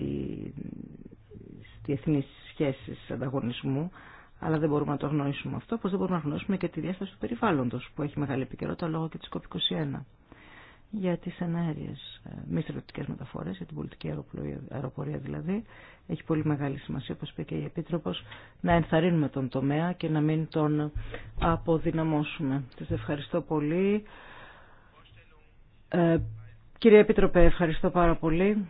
στη σχέσει ανταγωνισμού, αλλά δεν μπορούμε να το γνωρίσουμε αυτό, όπως δεν μπορούμε να γνωρίσουμε και τη διάσταση του περιβάλλοντος, που έχει μεγάλη επικαιρότητα λόγω και της COP21 για τις ενέργειες ε, μη στρατιωτικές μεταφορές, για την πολιτική αεροπορία, δηλαδή. Έχει πολύ μεγάλη σημασία, όπως είπε και η Επίτροπος, να ενθαρρύνουμε τον τομέα και να μην τον αποδυναμώσουμε. Σας ευχαριστώ πολύ. Ε, Κύριε Επίτροπε, ευχαριστώ πάρα πολύ.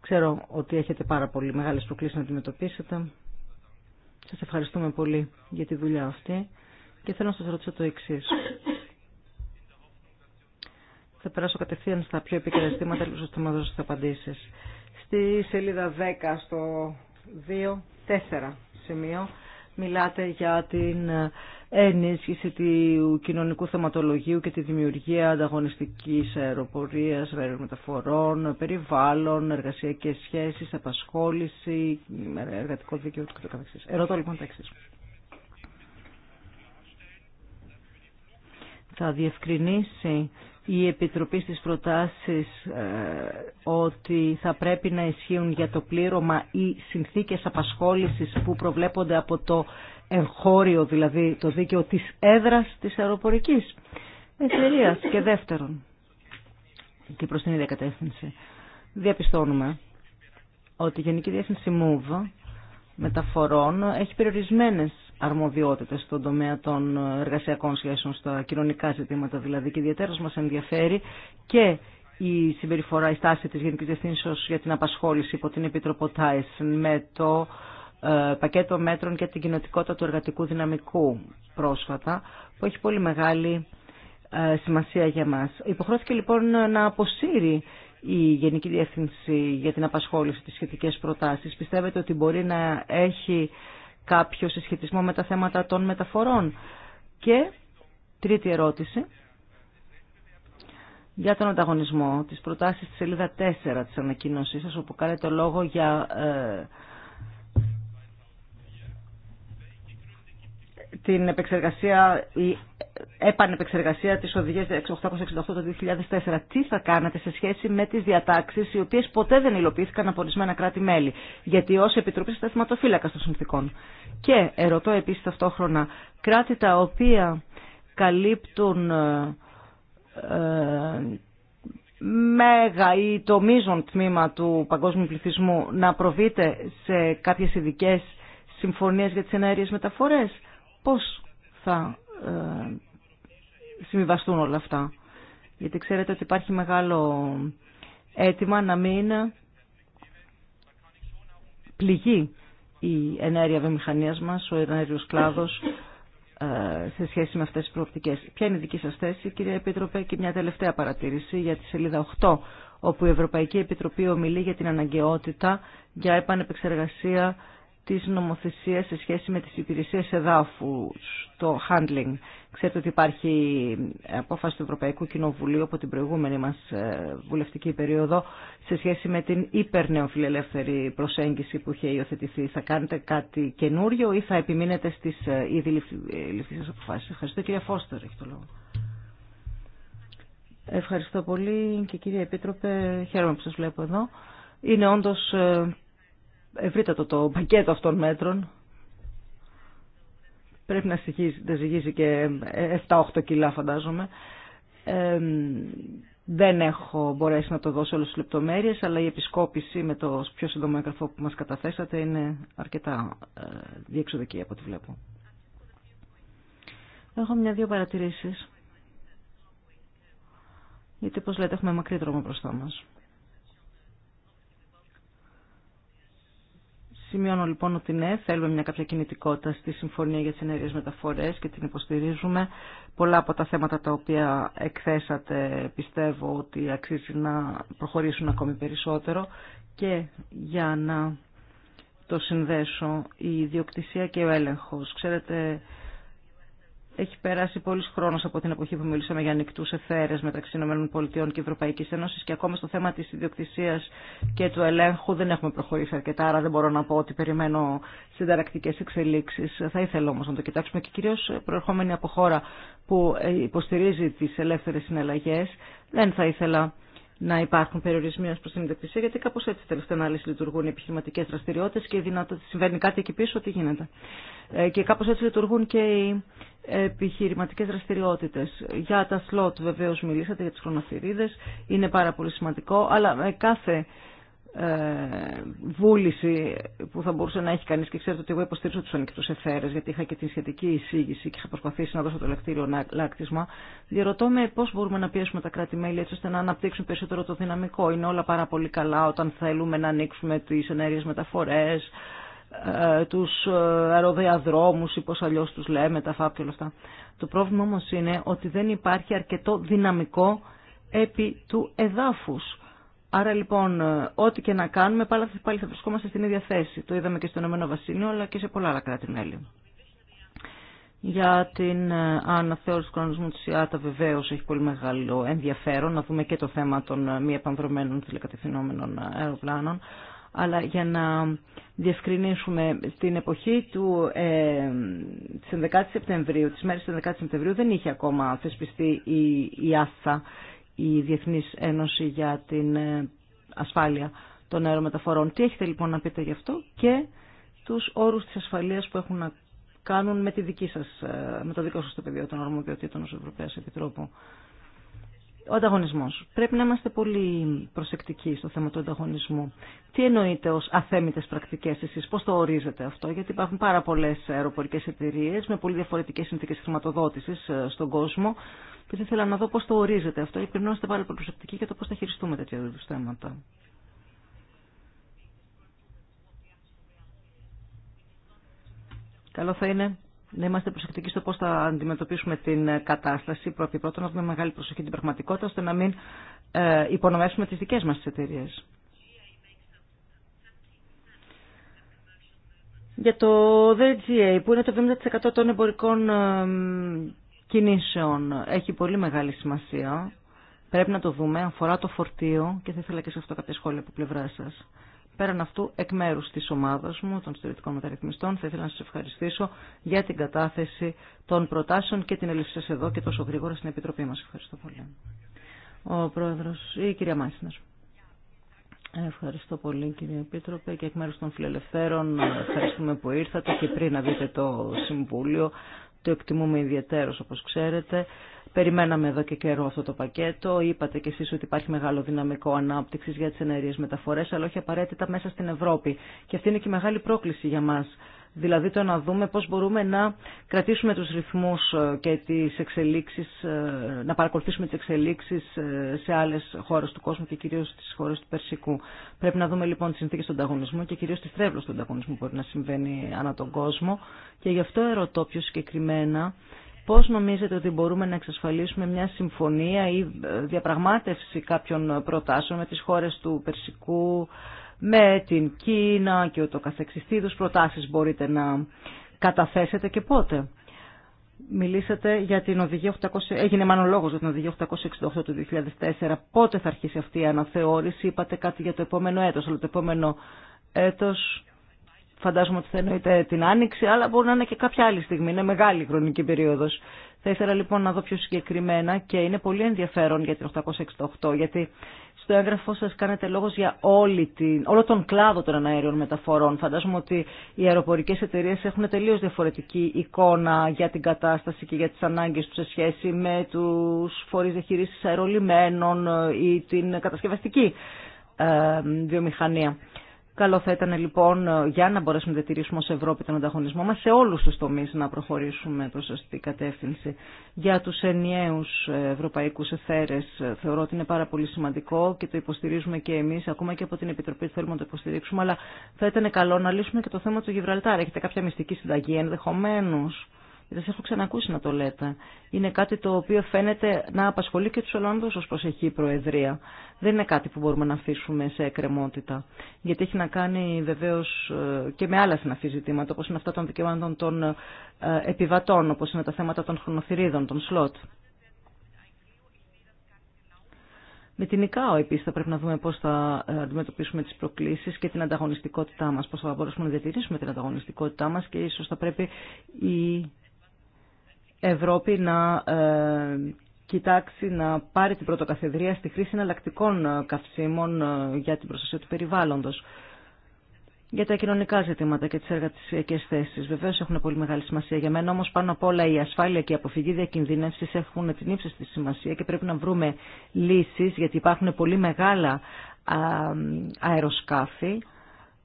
Ξέρω ότι έχετε πάρα πολύ μεγάλες προκλήσεις να αντιμετωπίσετε. Σας ευχαριστούμε πολύ για τη δουλειά αυτή και θέλω να σας ρωτήσω το εξή. Θα περάσω κατευθείαν στα πιο επίκαιρα ζητήματα, ελπίζω ώστε να δώσω απαντήσεις. Στη σελίδα 10 στο 2, 4 σημείο, μιλάτε για την ενίσχυση του κοινωνικού θεματολογίου και τη δημιουργία ανταγωνιστικής αεροπορίας, αερομεταφορών, περιβάλλων, εργασιακές σχέσεις, απασχόληση, εργατικό δίκαιο κ.ο.κ. Ερωτώ λοιπόν τα Θα διευκρινίσει η Επιτροπή στις προτάσεις ε, ότι θα πρέπει να ισχύουν για το πλήρωμα οι συνθήκες απασχόλησης που προβλέπονται από το εγχώριο δηλαδή το δίκαιο της έδρας της αεροπορικής εταιρεία και δεύτερον και προς την ίδια κατεύθυνση διαπιστώνουμε ότι η Γενική Διεύθυνση MOVE μεταφορών έχει περιορισμένες αρμοδιότητες στον τομέα των εργασιακών σχέσεων στα κοινωνικά ζητήματα δηλαδή και ιδιαίτερα μας ενδιαφέρει και η συμπεριφορά, η στάση της Γενικής Διευθύνσης για την απασχόληση υπό την Επίτροπο με το ε, πακέτο μέτρων για την κοινοτικότητα του εργατικού δυναμικού πρόσφατα, που έχει πολύ μεγάλη ε, σημασία για μας. Υποχρώθηκε λοιπόν να αποσύρει η Γενική Διεύθυνση για την απασχόληση της σχετικές προτάσεις. Πιστεύετε ότι μπορεί να έχει κάποιο συσχετισμό με τα θέματα των μεταφορών. Και τρίτη ερώτηση για τον ανταγωνισμό. της προτάσης της σελίδα 4 της ανακοίνωσής σας όπου κάνετε λόγο για ε, την επεξεργασία, η επανεπεξεργασία της οδηγίας 868 το 2004. Τι θα κάνατε σε σχέση με τις διατάξεις οι οποίες ποτέ δεν υλοποιήθηκαν από ορισμένα κράτη-μέλη, γιατί ως Επιτροπή στα θεματοφύλακα των συνθήκων. Και ερωτώ επίσης ταυτόχρονα, κράτη τα οποία καλύπτουν ε, ε, μέγα ή το μείζον τμήμα του παγκόσμιου πληθυσμού να προβείτε σε κάποιες ειδικέ συμφωνίες για τις ενέργειες μεταφορές πώς θα ε, συμβιβαστούν όλα αυτά. Γιατί ξέρετε ότι υπάρχει μεγάλο αίτημα να μην πληγεί η ενέργεια βιομηχανίας μας, ο ενέργειος κλάδος, ε, σε σχέση με αυτές τις προοπτικές. Ποια είναι η δική σας θέση, κυρία Επίτροπε, και μια τελευταία παρατήρηση για τη σελίδα 8, όπου η Ευρωπαϊκή Επιτροπή ομιλεί για την αναγκαιότητα για επανεπεξεργασία της νομοθεσίας σε σχέση με τις υπηρεσίες εδάφου το handling. Ξέρετε ότι υπάρχει απόφαση του Ευρωπαϊκού Κοινοβουλίου από την προηγούμενη μας ε, βουλευτική περίοδο σε σχέση με την υπερνεοφιλελεύθερη προσέγγιση που είχε υιοθετηθεί. Θα κάνετε κάτι καινούριο ή θα επιμείνετε στις ε, ήδη ε, ληφθείς αποφάσεις. Ευχαριστώ Κύριε Φώστερ, έχει το λόγο. Ευχαριστώ πολύ και κύριε Επίτροπε, χαίρομαι που σας βλέπω εδώ. Είναι όντως ευρύτατο το πακέτο αυτών μέτρων. Πρέπει να ζυγίζει και 7-8 ε, κιλά φαντάζομαι. δεν έχω μπορέσει να το δώσω όλες τις λεπτομέρειες, αλλά η επισκόπηση με το πιο σύντομο έγγραφο που μας καταθέσατε είναι αρκετά ε, διεξοδική από ό,τι βλέπω. Έχω μια-δύο παρατηρήσεις. Γιατί, όπως λέτε, έχουμε μακρύ δρόμο μπροστά μας. Σημειώνω λοιπόν ότι ναι, θέλουμε μια κάποια κινητικότητα στη Συμφωνία για τι Ενέργειε Μεταφορέ και την υποστηρίζουμε. Πολλά από τα θέματα τα οποία εκθέσατε πιστεύω ότι αξίζει να προχωρήσουν ακόμη περισσότερο και για να το συνδέσω η ιδιοκτησία και ο έλεγχο, Ξέρετε, έχει περάσει πολλή χρόνο από την εποχή που μιλήσαμε για ανοιχτού εφαίρε μεταξύ ΗΠΑ και Ευρωπαϊκής Ένωση και ακόμα στο θέμα τη ιδιοκτησία και του ελέγχου δεν έχουμε προχωρήσει αρκετά, άρα δεν μπορώ να πω ότι περιμένω συνταρακτικέ εξελίξει. Θα ήθελα όμω να το κοιτάξουμε και κυρίω προερχόμενοι από χώρα που υποστηρίζει τι ελεύθερε συναλλαγέ, δεν θα ήθελα να υπάρχουν περιορισμοί ω προ την ιδιοκτησία, γιατί κάπω έτσι τελευταία λειτουργούν οι επιχειρηματικέ δραστηριότητε και δυνατό συμβαίνει κάτι εκεί πίσω, τι γίνεται. Ε, και κάπω έτσι λειτουργούν και οι επιχειρηματικέ δραστηριότητε. Για τα σλότ βεβαίω μιλήσατε, για τι χρονοθυρίδε, είναι πάρα πολύ σημαντικό, αλλά κάθε ε, βούληση που θα μπορούσε να έχει κανείς και ξέρετε ότι εγώ υποστήριζα τους ανοιχτούς εφαίρες γιατί είχα και την σχετική εισήγηση και είχα προσπαθήσει να δώσω το λεκτήριο λάκτισμα διαρωτώ με πώς μπορούμε να πιέσουμε τα κράτη-μέλη έτσι ώστε να αναπτύξουν περισσότερο το δυναμικό είναι όλα πάρα πολύ καλά όταν θέλουμε να ανοίξουμε τις ενέργειες μεταφορές ε, τους ε, αεροδιαδρόμους ή πώς αλλιώς τους λέμε τα φάπια όλα αυτά το πρόβλημα όμως είναι ότι δεν υπάρχει αρκετό δυναμικό επί του εδάφους Άρα λοιπόν, ό,τι και να κάνουμε, πάλι θα, βρισκόμαστε στην ίδια θέση. Το είδαμε και στο Ηνωμένο Βασίλειο, αλλά και σε πολλά άλλα κράτη-μέλη. Για την ε, αναθεώρηση του κανονισμού τη ΙΑΤΑ, βεβαίω έχει πολύ μεγάλο ενδιαφέρον να δούμε και το θέμα των ε, μη επανδρομένων τηλεκατευθυνόμενων ε, αεροπλάνων. Αλλά για να διευκρινίσουμε, στην εποχή του, ε, της 11 Σεπτεμβρίου, της μέρης του 11 Σεπτεμβρίου δεν είχε ακόμα θεσπιστεί η, η η Διεθνής Ένωση για την ε, Ασφάλεια των Αερομεταφορών. Τι έχετε λοιπόν να πείτε γι' αυτό και τους όρους της ασφαλείας που έχουν να κάνουν με, τη δική σας, ε, με το δικό σας το πεδίο των Ορμοδιοτήτων ως Ευρωπαίας Επιτρόπου. Ο ανταγωνισμό. Πρέπει να είμαστε πολύ προσεκτικοί στο θέμα του ανταγωνισμού. Τι εννοείτε ω αθέμητε πρακτικέ εσεί, πώ το ορίζετε αυτό, Γιατί υπάρχουν πάρα πολλέ αεροπορικέ εταιρείε με πολύ διαφορετικέ συνθήκε χρηματοδότηση ε, στον κόσμο. Και θα ήθελα να δω πώ το ορίζετε αυτό, γιατί πρέπει να είμαστε πάρα πολύ προσεκτικοί για το πώ θα χειριστούμε τέτοια είδου θέματα. Καλό θα είναι να είμαστε προσεκτικοί στο πώ θα αντιμετωπίσουμε την ε, κατάσταση. Πρώτη πρώτα να δούμε μεγάλη προσοχή την πραγματικότητα, ώστε να μην ε, υπονομεύσουμε τι δικέ μα εταιρείε. Για το DGA, που είναι το 70% των εμπορικών ε, κινήσεων, έχει πολύ μεγάλη σημασία. Πρέπει να το δούμε, αφορά το φορτίο και θα ήθελα και σε αυτό κάποια σχόλια από πλευρά σας. Πέραν αυτού, εκ μέρου τη ομάδα μου, των στηρητικών μεταρρυθμιστών, θα ήθελα να σας ευχαριστήσω για την κατάθεση των προτάσεων και την έλευση σας εδώ και τόσο γρήγορα στην Επιτροπή μας. Ευχαριστώ πολύ. Ο Πρόεδρος, η κυρία Μάισνερ. Ευχαριστώ πολύ κύριε Επίτροπε και εκ μέρου των φιλελευθέρων ευχαριστούμε που ήρθατε και πριν να δείτε το Συμβούλιο. Το εκτιμούμε ιδιαίτερος όπω ξέρετε. Περιμέναμε εδώ και καιρό αυτό το πακέτο. Είπατε κι εσεί ότι υπάρχει μεγάλο δυναμικό ανάπτυξη για τι ενέργειε μεταφορέ, αλλά όχι απαραίτητα μέσα στην Ευρώπη. Και αυτή είναι και η μεγάλη πρόκληση για μα. Δηλαδή το να δούμε πώς μπορούμε να κρατήσουμε τους ρυθμούς ε, και τις εξελίξεις, ε, να παρακολουθήσουμε τις εξελίξεις ε, σε άλλες χώρες του κόσμου και κυρίως στις χώρες του Περσικού. Πρέπει να δούμε λοιπόν τις συνθήκες του ανταγωνισμού και κυρίως τη στρέβλωση του ανταγωνισμού που μπορεί να συμβαίνει ανά τον κόσμο. Και γι' αυτό ερωτώ πιο συγκεκριμένα Πώς νομίζετε ότι μπορούμε να εξασφαλίσουμε μια συμφωνία ή ε, διαπραγμάτευση κάποιων προτάσεων με τις χώρες του Περσικού, με την Κίνα και ούτω καθεξής. Τι είδους προτάσεις μπορείτε να καταθέσετε και πότε. Μιλήσατε για την οδηγία έγινε μάλλον λόγος για την οδηγία 868 του 2004. Πότε θα αρχίσει αυτή η αναθεώρηση, είπατε κάτι για το επόμενο έτος, αλλά το επόμενο έτος Φαντάζομαι ότι θα εννοείται την Άνοιξη, αλλά μπορεί να είναι και κάποια άλλη στιγμή. Είναι μεγάλη η χρονική περίοδο. Θα ήθελα λοιπόν να δω πιο συγκεκριμένα και είναι πολύ ενδιαφέρον για την 868, γιατί στο έγγραφό σα κάνετε λόγο για όλη την, όλο τον κλάδο των αέριων μεταφορών. Φαντάζομαι ότι οι αεροπορικέ εταιρείε έχουν τελείω διαφορετική εικόνα για την κατάσταση και για τι ανάγκε του σε σχέση με του φορεί διαχείριση αερολιμένων ή την κατασκευαστική ε, βιομηχανία. Καλό θα ήταν λοιπόν για να μπορέσουμε να διατηρήσουμε ως Ευρώπη τον ανταγωνισμό μας σε όλους τους τομείς να προχωρήσουμε προς σωστή κατεύθυνση. Για τους ενιαίους ε, ευρωπαϊκούς εθέρες ε, θεωρώ ότι είναι πάρα πολύ σημαντικό και το υποστηρίζουμε και εμείς, ακόμα και από την Επιτροπή θέλουμε να το υποστηρίξουμε, αλλά θα ήταν καλό να λύσουμε και το θέμα του Γιβραλτάρ. Έχετε κάποια μυστική συνταγή ενδεχομένως. Σα έχω ξανακούσει να το λέτε. Είναι κάτι το οποίο φαίνεται να απασχολεί και του Ολλανδού ω προσεχή προεδρία. Δεν είναι κάτι που μπορούμε να αφήσουμε σε εκκρεμότητα. Γιατί έχει να κάνει βεβαίω ε, και με άλλα συναφή ζητήματα, όπω είναι αυτά των δικαιωμάτων των ε, επιβατών, όπω είναι τα θέματα των χρονοθυρίδων, των σλότ. Με την ΙΚΑΟ επίση θα πρέπει να δούμε πώ θα ε, αντιμετωπίσουμε τι προκλήσει και την ανταγωνιστικότητά μα, πώ θα μπορέσουμε να διατηρήσουμε την ανταγωνιστικότητά μα και ίσω θα πρέπει η Ευρώπη να ε, κοιτάξει να πάρει την πρωτοκαθεδρία στη χρήση εναλλακτικών ε, καυσίμων ε, για την προστασία του περιβάλλοντος. Για τα κοινωνικά ζητήματα και τις εργατικές θέσεις βεβαίως έχουν πολύ μεγάλη σημασία για μένα, όμως πάνω απ' όλα η ασφάλεια και η αποφυγή διακινδύνευσης έχουν την ύψιστη σημασία και πρέπει να βρούμε λύσεις γιατί υπάρχουν πολύ μεγάλα αεροσκάφη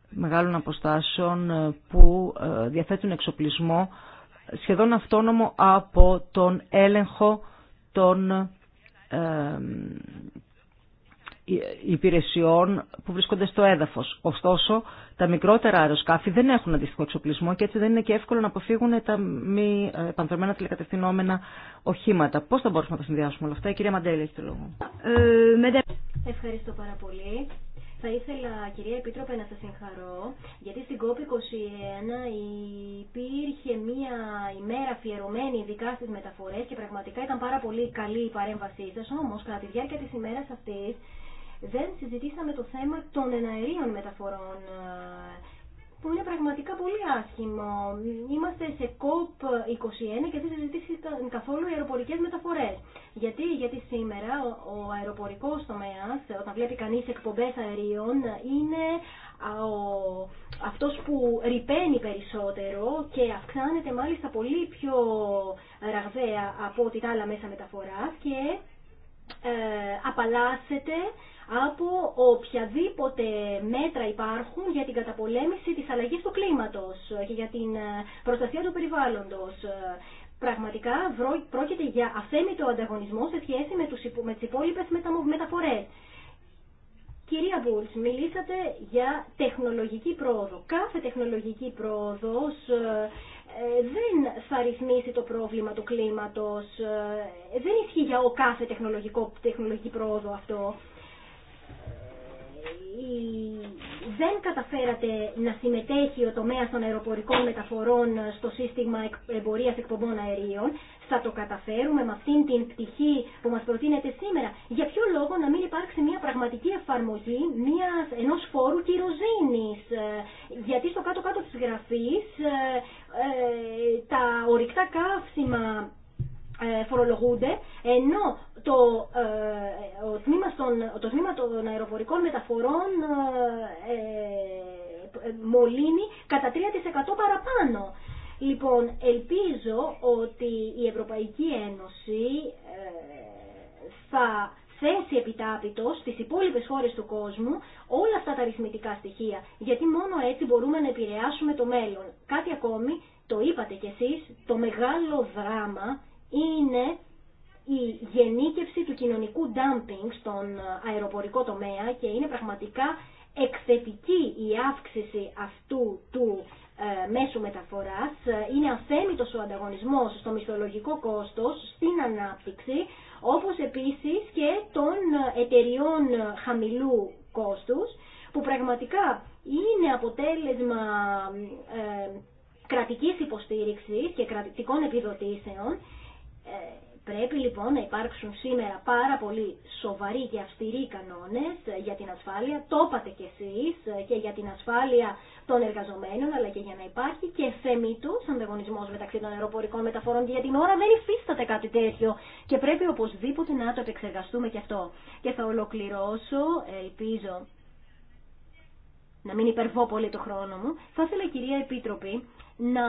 μεγάλων αποστάσεων που διαθέτουν εξοπλισμό σχεδόν αυτόνομο από τον έλεγχο των υπηρεσιών που βρίσκονται στο έδαφος. Ωστόσο, τα μικρότερα αεροσκάφη δεν έχουν αντίστοιχο εξοπλισμό και έτσι δεν είναι και εύκολο να αποφύγουν τα μη ε, επανδρομένα τηλεκατευθυνόμενα οχήματα. Πώς θα μπορούσαμε να τα συνδυάσουμε όλα αυτά, η κυρία Μαντέλη έχει το λόγο. Ε, Ευχαριστώ πάρα πολύ. Θα ήθελα, κυρία Επίτροπε, να σας συγχαρώ, γιατί στην COP21 υπήρχε μία ημέρα αφιερωμένη ειδικά στις μεταφορές και πραγματικά ήταν πάρα πολύ καλή η παρέμβασή σας, όμως κατά τη διάρκεια της ημέρας αυτής δεν συζητήσαμε το θέμα των εναερίων μεταφορών που είναι πραγματικά πολύ άσχημο. Είμαστε σε COP21 και δεν συζητήθηκαν καθόλου οι αεροπορικέ μεταφορέ. Γιατί, γιατί σήμερα ο, αεροπορικό τομέα, όταν βλέπει κανεί εκπομπέ αερίων, είναι ο, αυτός που ρηπαίνει περισσότερο και αυξάνεται μάλιστα πολύ πιο ραγδαία από ό,τι τα άλλα μέσα μεταφοράς και ε, απαλλάσσεται από οποιαδήποτε μέτρα υπάρχουν για την καταπολέμηση της αλλαγής του κλίματος και για την ε, προστασία του περιβάλλοντος. Ε, πραγματικά πρόκειται για αθέμητο ανταγωνισμό σε σχέση με, τους, με τις υπόλοιπες μεταφορές. Κυρία Μπούλτς, μιλήσατε για τεχνολογική πρόοδο. Κάθε τεχνολογική πρόοδος ε, δεν θα ρυθμίσει το πρόβλημα του κλίματος. Δεν ισχύει για ο κάθε τεχνολογικό, τεχνολογική πρόοδο αυτό δεν καταφέρατε να συμμετέχει ο τομέας των αεροπορικών μεταφορών στο σύστημα εμπορίας εκπομπών αερίων. Θα το καταφέρουμε με αυτήν την πτυχή που μας προτείνεται σήμερα. Για ποιο λόγο να μην υπάρξει μια πραγματική εφαρμογή μιας, ενός φόρου κυροζήνης. Ε, γιατί στο κάτω-κάτω της γραφής ε, ε, τα ορυκτά καύσιμα ε, φορολογούνται, ενώ το, ε, τμήμα των, το τμήμα των αεροπορικών μεταφορών ε, μολύνει κατά 3% παραπάνω. Λοιπόν, ελπίζω ότι η Ευρωπαϊκή Ένωση θα θέσει επιτάπητο στις υπόλοιπες χώρες του κόσμου όλα αυτά τα αριθμητικά στοιχεία, γιατί μόνο έτσι μπορούμε να επηρεάσουμε το μέλλον. Κάτι ακόμη, το είπατε κι εσείς, το μεγάλο δράμα είναι η γενίκευση του κοινωνικού dumping στον ε, αεροπορικό τομέα και είναι πραγματικά εκθετική η αύξηση αυτού του ε, μέσου μεταφοράς. Ε, είναι αθέμητος ο ανταγωνισμός στο μισθολογικό κόστος, στην ανάπτυξη, όπως επίσης και των εταιριών χαμηλού κόστους, που πραγματικά είναι αποτέλεσμα ε, κρατικής υποστήριξης και κρατικών επιδοτήσεων ε, πρέπει λοιπόν να υπάρξουν σήμερα πάρα πολύ σοβαροί και αυστηροί κανόνες ε, για την ασφάλεια, το είπατε κι εσείς, ε, και για την ασφάλεια των εργαζομένων, αλλά και για να υπάρχει και θεμητός ανταγωνισμός μεταξύ των αεροπορικών μεταφορών και για την ώρα δεν υφίσταται κάτι τέτοιο και πρέπει οπωσδήποτε να το επεξεργαστούμε κι αυτό. Και θα ολοκληρώσω, ελπίζω να μην υπερβώ πολύ το χρόνο μου, θα ήθελα κυρία Επίτροπη να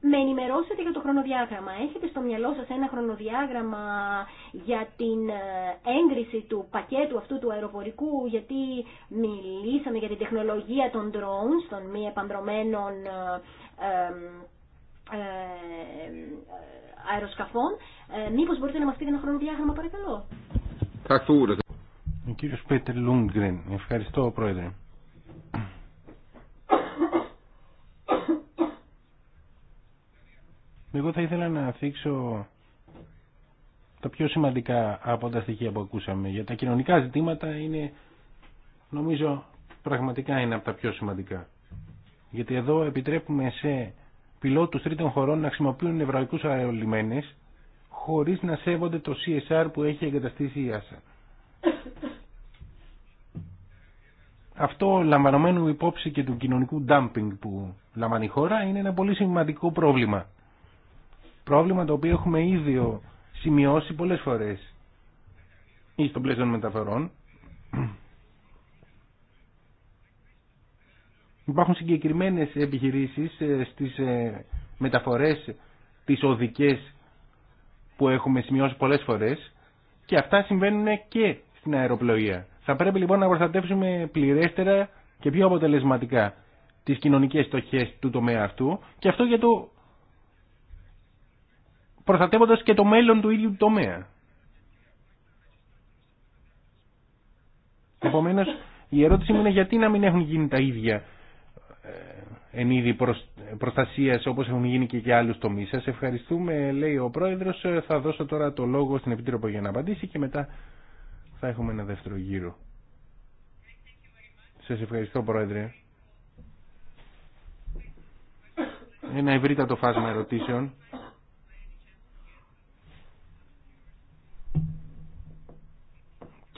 με ενημερώσετε για το χρονοδιάγραμμα. Έχετε στο μυαλό σας ένα χρονοδιάγραμμα για την ε, έγκριση του πακέτου αυτού του αεροπορικού, γιατί μιλήσαμε για την τεχνολογία των drones, των μη επανδρομένων ε, ε, αεροσκαφών. Μήπως μπορείτε να μας πείτε ένα χρονοδιάγραμμα, παρακαλώ. Ο κύριος Πέτερ Ευχαριστώ, Πρόεδρε. Εγώ θα ήθελα να αφήξω τα πιο σημαντικά από τα στοιχεία που ακούσαμε. Για τα κοινωνικά ζητήματα είναι, νομίζω, πραγματικά είναι από τα πιο σημαντικά. Γιατί εδώ επιτρέπουμε σε πιλότους τρίτων χωρών να χρησιμοποιούν ευρωπαϊκούς αερολιμένες χωρίς να σέβονται το CSR που έχει εγκαταστήσει η ΆΣΑ. Αυτό λαμβανωμένου υπόψη και του κοινωνικού dumping που λαμβάνει η χώρα είναι ένα πολύ σημαντικό πρόβλημα Πρόβλημα το οποίο έχουμε ήδη σημειώσει πολλές φορές ή στον πλαίσιο των μεταφορών. Υπάρχουν συγκεκριμένες επιχειρήσεις ε, στις ε, μεταφορές τις οδικές που έχουμε σημειώσει πολλές φορές και αυτά συμβαίνουν και στην αεροπλοεία. Θα πρέπει λοιπόν να προστατεύσουμε πληρέστερα και πιο αποτελεσματικά τις κοινωνικές στοχές του τομέα αυτού και αυτό για το προστατεύοντας και το μέλλον του ίδιου τομέα. Επομένω, η ερώτηση μου είναι γιατί να μην έχουν γίνει τα ίδια ε, εν είδη προστασίας όπως έχουν γίνει και για άλλους τομείς. Σας ευχαριστούμε, λέει ο Πρόεδρος. Θα δώσω τώρα το λόγο στην Επίτροπο για να απαντήσει και μετά θα έχουμε ένα δεύτερο γύρο. Σας ευχαριστώ, Πρόεδρε. Ένα ευρύτατο φάσμα ερωτήσεων.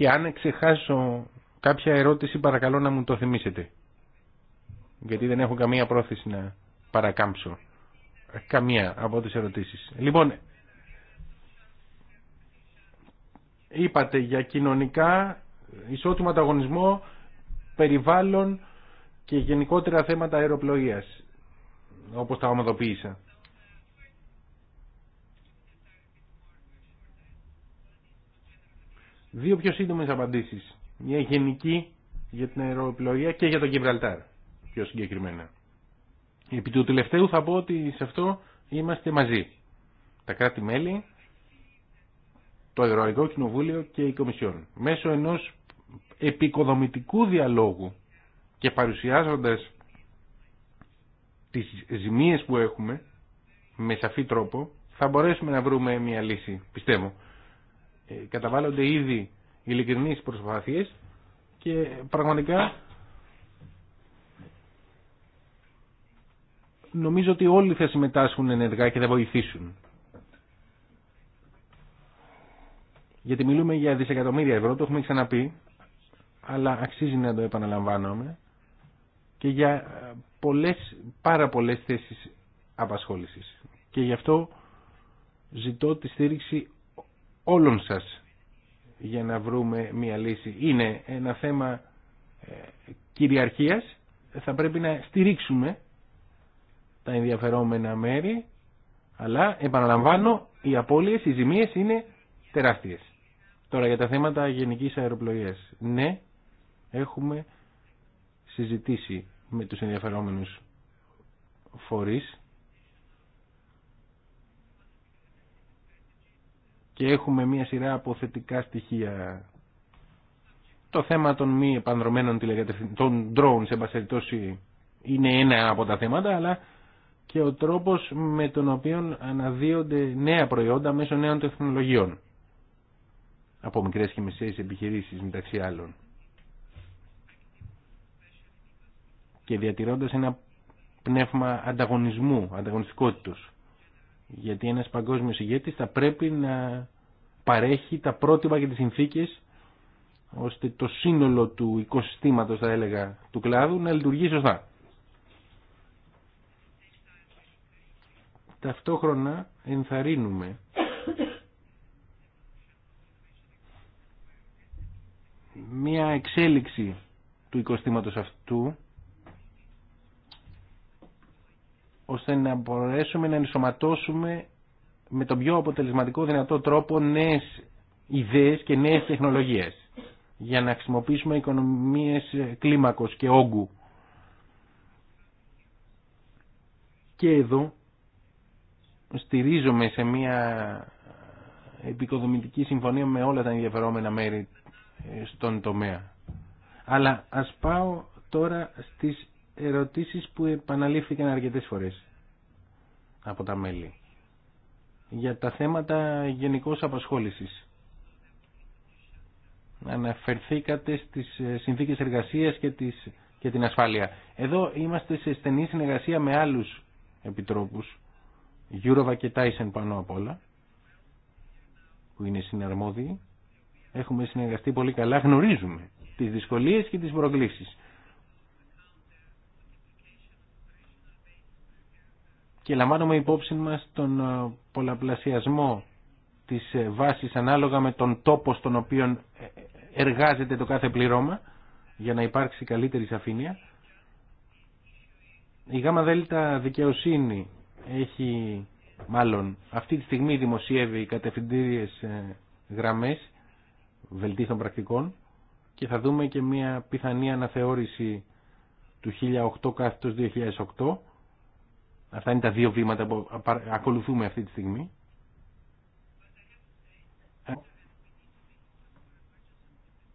και αν ξεχάσω κάποια ερώτηση παρακαλώ να μου το θυμίσετε. Γιατί δεν έχω καμία πρόθεση να παρακάμψω καμία από τις ερωτήσεις. Λοιπόν, είπατε για κοινωνικά, ισότιμο ανταγωνισμό, περιβάλλον και γενικότερα θέματα αεροπλοείας, όπως τα ομοδοποίησα. Δύο πιο σύντομε απαντήσεις. Μια γενική για την αεροπλοεία και για τον Γιβραλτάρ πιο συγκεκριμένα. Επί του τελευταίου θα πω ότι σε αυτό είμαστε μαζί. Τα κράτη-μέλη, το Ευρωπαϊκό Κοινοβούλιο και η Κομισιόν. Μέσω ενός επικοδομητικού διαλόγου και παρουσιάζοντας τις ζημίες που έχουμε με σαφή τρόπο θα μπορέσουμε να βρούμε μια λύση, πιστεύω. Ε, καταβάλλονται ήδη ειλικρινείς προσπάθειες και πραγματικά νομίζω ότι όλοι θα συμμετάσχουν ενεργά και θα βοηθήσουν. Γιατί μιλούμε για δισεκατομμύρια ευρώ, το έχουμε ξαναπεί, αλλά αξίζει να το επαναλαμβάνομαι και για ε, πολλές, πάρα πολλές θέσεις απασχόλησης. Και γι' αυτό ζητώ τη στήριξη όλων σας για να βρούμε μια λύση. Είναι ένα θέμα ε, κυριαρχίας, θα πρέπει να στηρίξουμε τα ενδιαφερόμενα μέρη, αλλά επαναλαμβάνω, οι απώλειες, οι ζημίες είναι τεράστιες. Τώρα για τα θέματα γενικής αεροπλογίας. Ναι, έχουμε συζητήσει με τους ενδιαφερόμενους φορείς και έχουμε μια σειρά από θετικά στοιχεία. Το θέμα των μη επανδρομένων τηλεκατευθυντών, των drones, σε είναι ένα από τα θέματα, αλλά και ο τρόπος με τον οποίο αναδύονται νέα προϊόντα μέσω νέων τεχνολογιών. Από μικρές και μεσαίες επιχειρήσεις μεταξύ άλλων. Και διατηρώντας ένα πνεύμα ανταγωνισμού, ανταγωνιστικότητος. Γιατί ένας παγκόσμιος ηγέτης θα πρέπει να παρέχει τα πρότυπα και τις συνθήκες ώστε το σύνολο του οικοσυστήματος, θα έλεγα, του κλάδου να λειτουργεί σωστά. Ταυτόχρονα ενθαρρύνουμε μία εξέλιξη του οικοστήματος αυτού ώστε να μπορέσουμε να ενσωματώσουμε με τον πιο αποτελεσματικό δυνατό τρόπο νέες ιδέες και νέες τεχνολογίες για να χρησιμοποιήσουμε οικονομίες κλίμακος και όγκου. Και εδώ στηρίζομαι σε μια επικοδομητική συμφωνία με όλα τα ενδιαφερόμενα μέρη στον τομέα. Αλλά ας πάω τώρα στις ερωτήσεις που επαναλήφθηκαν αρκετές φορές από τα μέλη για τα θέματα γενικώς απασχόλησης. Αναφερθήκατε στις ε, συνθήκες εργασίας και, τις, και την ασφάλεια. Εδώ είμαστε σε στενή συνεργασία με άλλους επιτρόπους, Γιούροβα και Τάισεν πάνω απ' όλα, που είναι συναρμόδιοι. Έχουμε συνεργαστεί πολύ καλά, γνωρίζουμε τις δυσκολίες και τις προκλήσεις. και λαμβάνουμε υπόψη μας τον ε, πολλαπλασιασμό της ε, βάσης ανάλογα με τον τόπο στον οποίο ε, εργάζεται το κάθε πληρώμα για να υπάρξει καλύτερη σαφήνεια. Η γάμα δέλτα δικαιοσύνη έχει μάλλον αυτή τη στιγμή δημοσιεύει κατευθυντήριες γραμμές βελτίστων πρακτικών και θα δούμε και μια πιθανή αναθεώρηση του 2008 2008 Αυτά είναι τα δύο βήματα που ακολουθούμε αυτή τη στιγμή. Ε,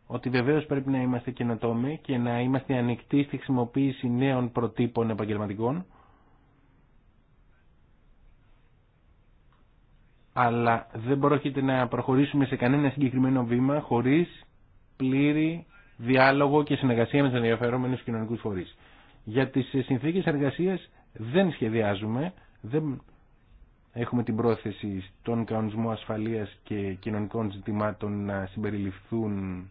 ότι βεβαίω πρέπει να είμαστε καινοτόμοι και να είμαστε ανοιχτοί στη χρησιμοποίηση νέων προτύπων επαγγελματικών. Αλλά δεν πρόκειται να προχωρήσουμε σε κανένα συγκεκριμένο βήμα χωρίς πλήρη διάλογο και συνεργασία με τους ενδιαφέρομενους κοινωνικούς φορείς. Για τις συνθήκες εργασίας δεν σχεδιάζουμε, δεν έχουμε την πρόθεση στον κανονισμό ασφαλείας και κοινωνικών ζητημάτων να συμπεριληφθούν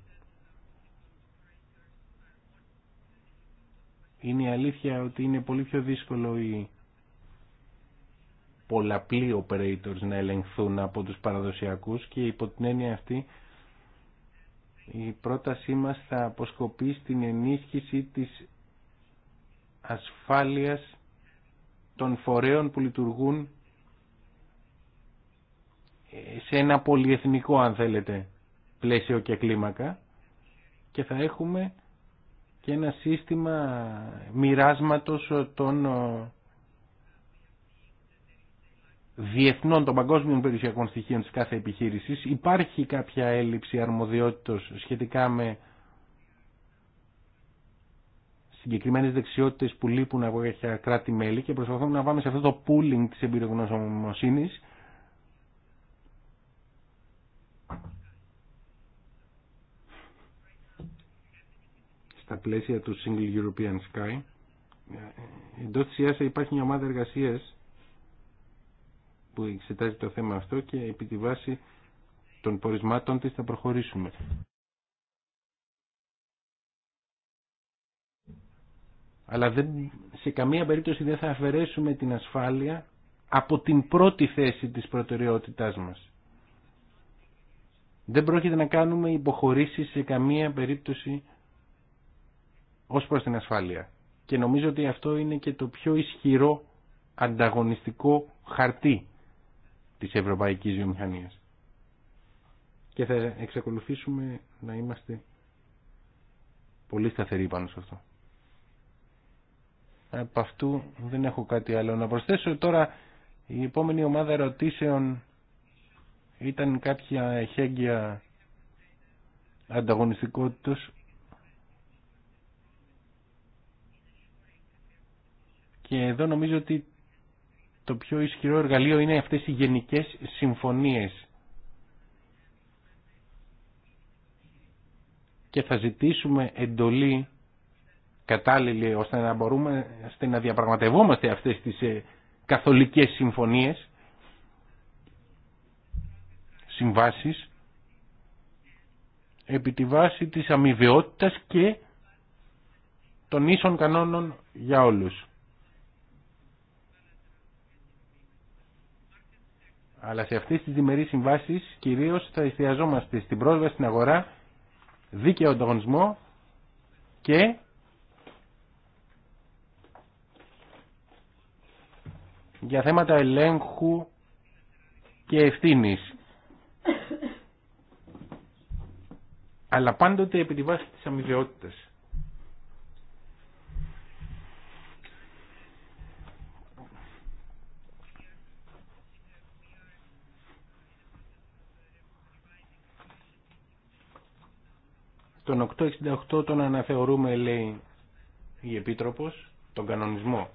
είναι η αλήθεια ότι είναι πολύ πιο δύσκολο οι πολλαπλοί operators να ελεγχθούν από τους παραδοσιακούς και υπό την έννοια αυτή η πρότασή μας θα αποσκοπεί στην ενίσχυση της ασφάλειας των φορέων που λειτουργούν ε, σε ένα πολυεθνικό αν θέλετε πλαίσιο και κλίμακα και θα έχουμε και ένα σύστημα μοιράσματος των ε, διεθνών των παγκόσμιων περιουσιακών στοιχείων της κάθε επιχείρησης. Υπάρχει κάποια έλλειψη αρμοδιότητος σχετικά με Συγκεκριμένε δεξιότητε που λείπουν από κάποια κράτη-μέλη και προσπαθούμε να πάμε σε αυτό το pooling τη εμπειρογνωσομοσύνης στα πλαίσια του Single European Sky. Εντό τη ΙΑΣΑ υπάρχει μια ομάδα εργασία που εξετάζει το θέμα αυτό και επί τη βάση των πορισμάτων της θα προχωρήσουμε. αλλά δεν, σε καμία περίπτωση δεν θα αφαιρέσουμε την ασφάλεια από την πρώτη θέση της προτεραιότητάς μας. Δεν πρόκειται να κάνουμε υποχωρήσεις σε καμία περίπτωση ως προς την ασφάλεια. Και νομίζω ότι αυτό είναι και το πιο ισχυρό ανταγωνιστικό χαρτί της ευρωπαϊκής βιομηχανίας. Και θα εξακολουθήσουμε να είμαστε πολύ σταθεροί πάνω σε αυτό από αυτού δεν έχω κάτι άλλο να προσθέσω. Τώρα η επόμενη ομάδα ερωτήσεων ήταν κάποια εχέγγυα ανταγωνιστικότητος και εδώ νομίζω ότι το πιο ισχυρό εργαλείο είναι αυτές οι γενικές συμφωνίες και θα ζητήσουμε εντολή κατάλληλη ώστε να μπορούμε ώστε να διαπραγματευόμαστε αυτές τις ε, καθολικές συμφωνίες συμβάσεις επί τη βάση της αμοιβαιότητας και των ίσων κανόνων για όλους. Αλλά σε αυτές τις διμερείς συμβάσεις κυρίως θα εστιαζόμαστε στην πρόσβαση στην αγορά, δίκαιο ανταγωνισμό και για θέματα ελέγχου και ευθύνη. Αλλά πάντοτε επί τη βάση της αμοιβαιότητας. Τον 868 τον αναθεωρούμε λέει η Επίτροπος, τον κανονισμό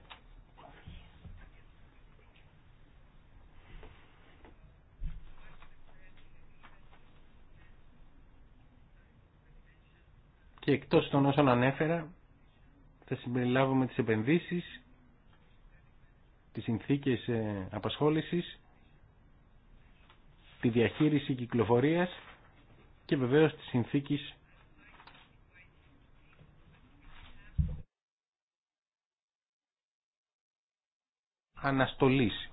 και εκτός των όσων ανέφερα θα συμπεριλάβουμε τις επενδύσεις, τις συνθήκες ε, απασχόλησης, τη διαχείριση κυκλοφορίας και βεβαίως τις συνθήκες αναστολής,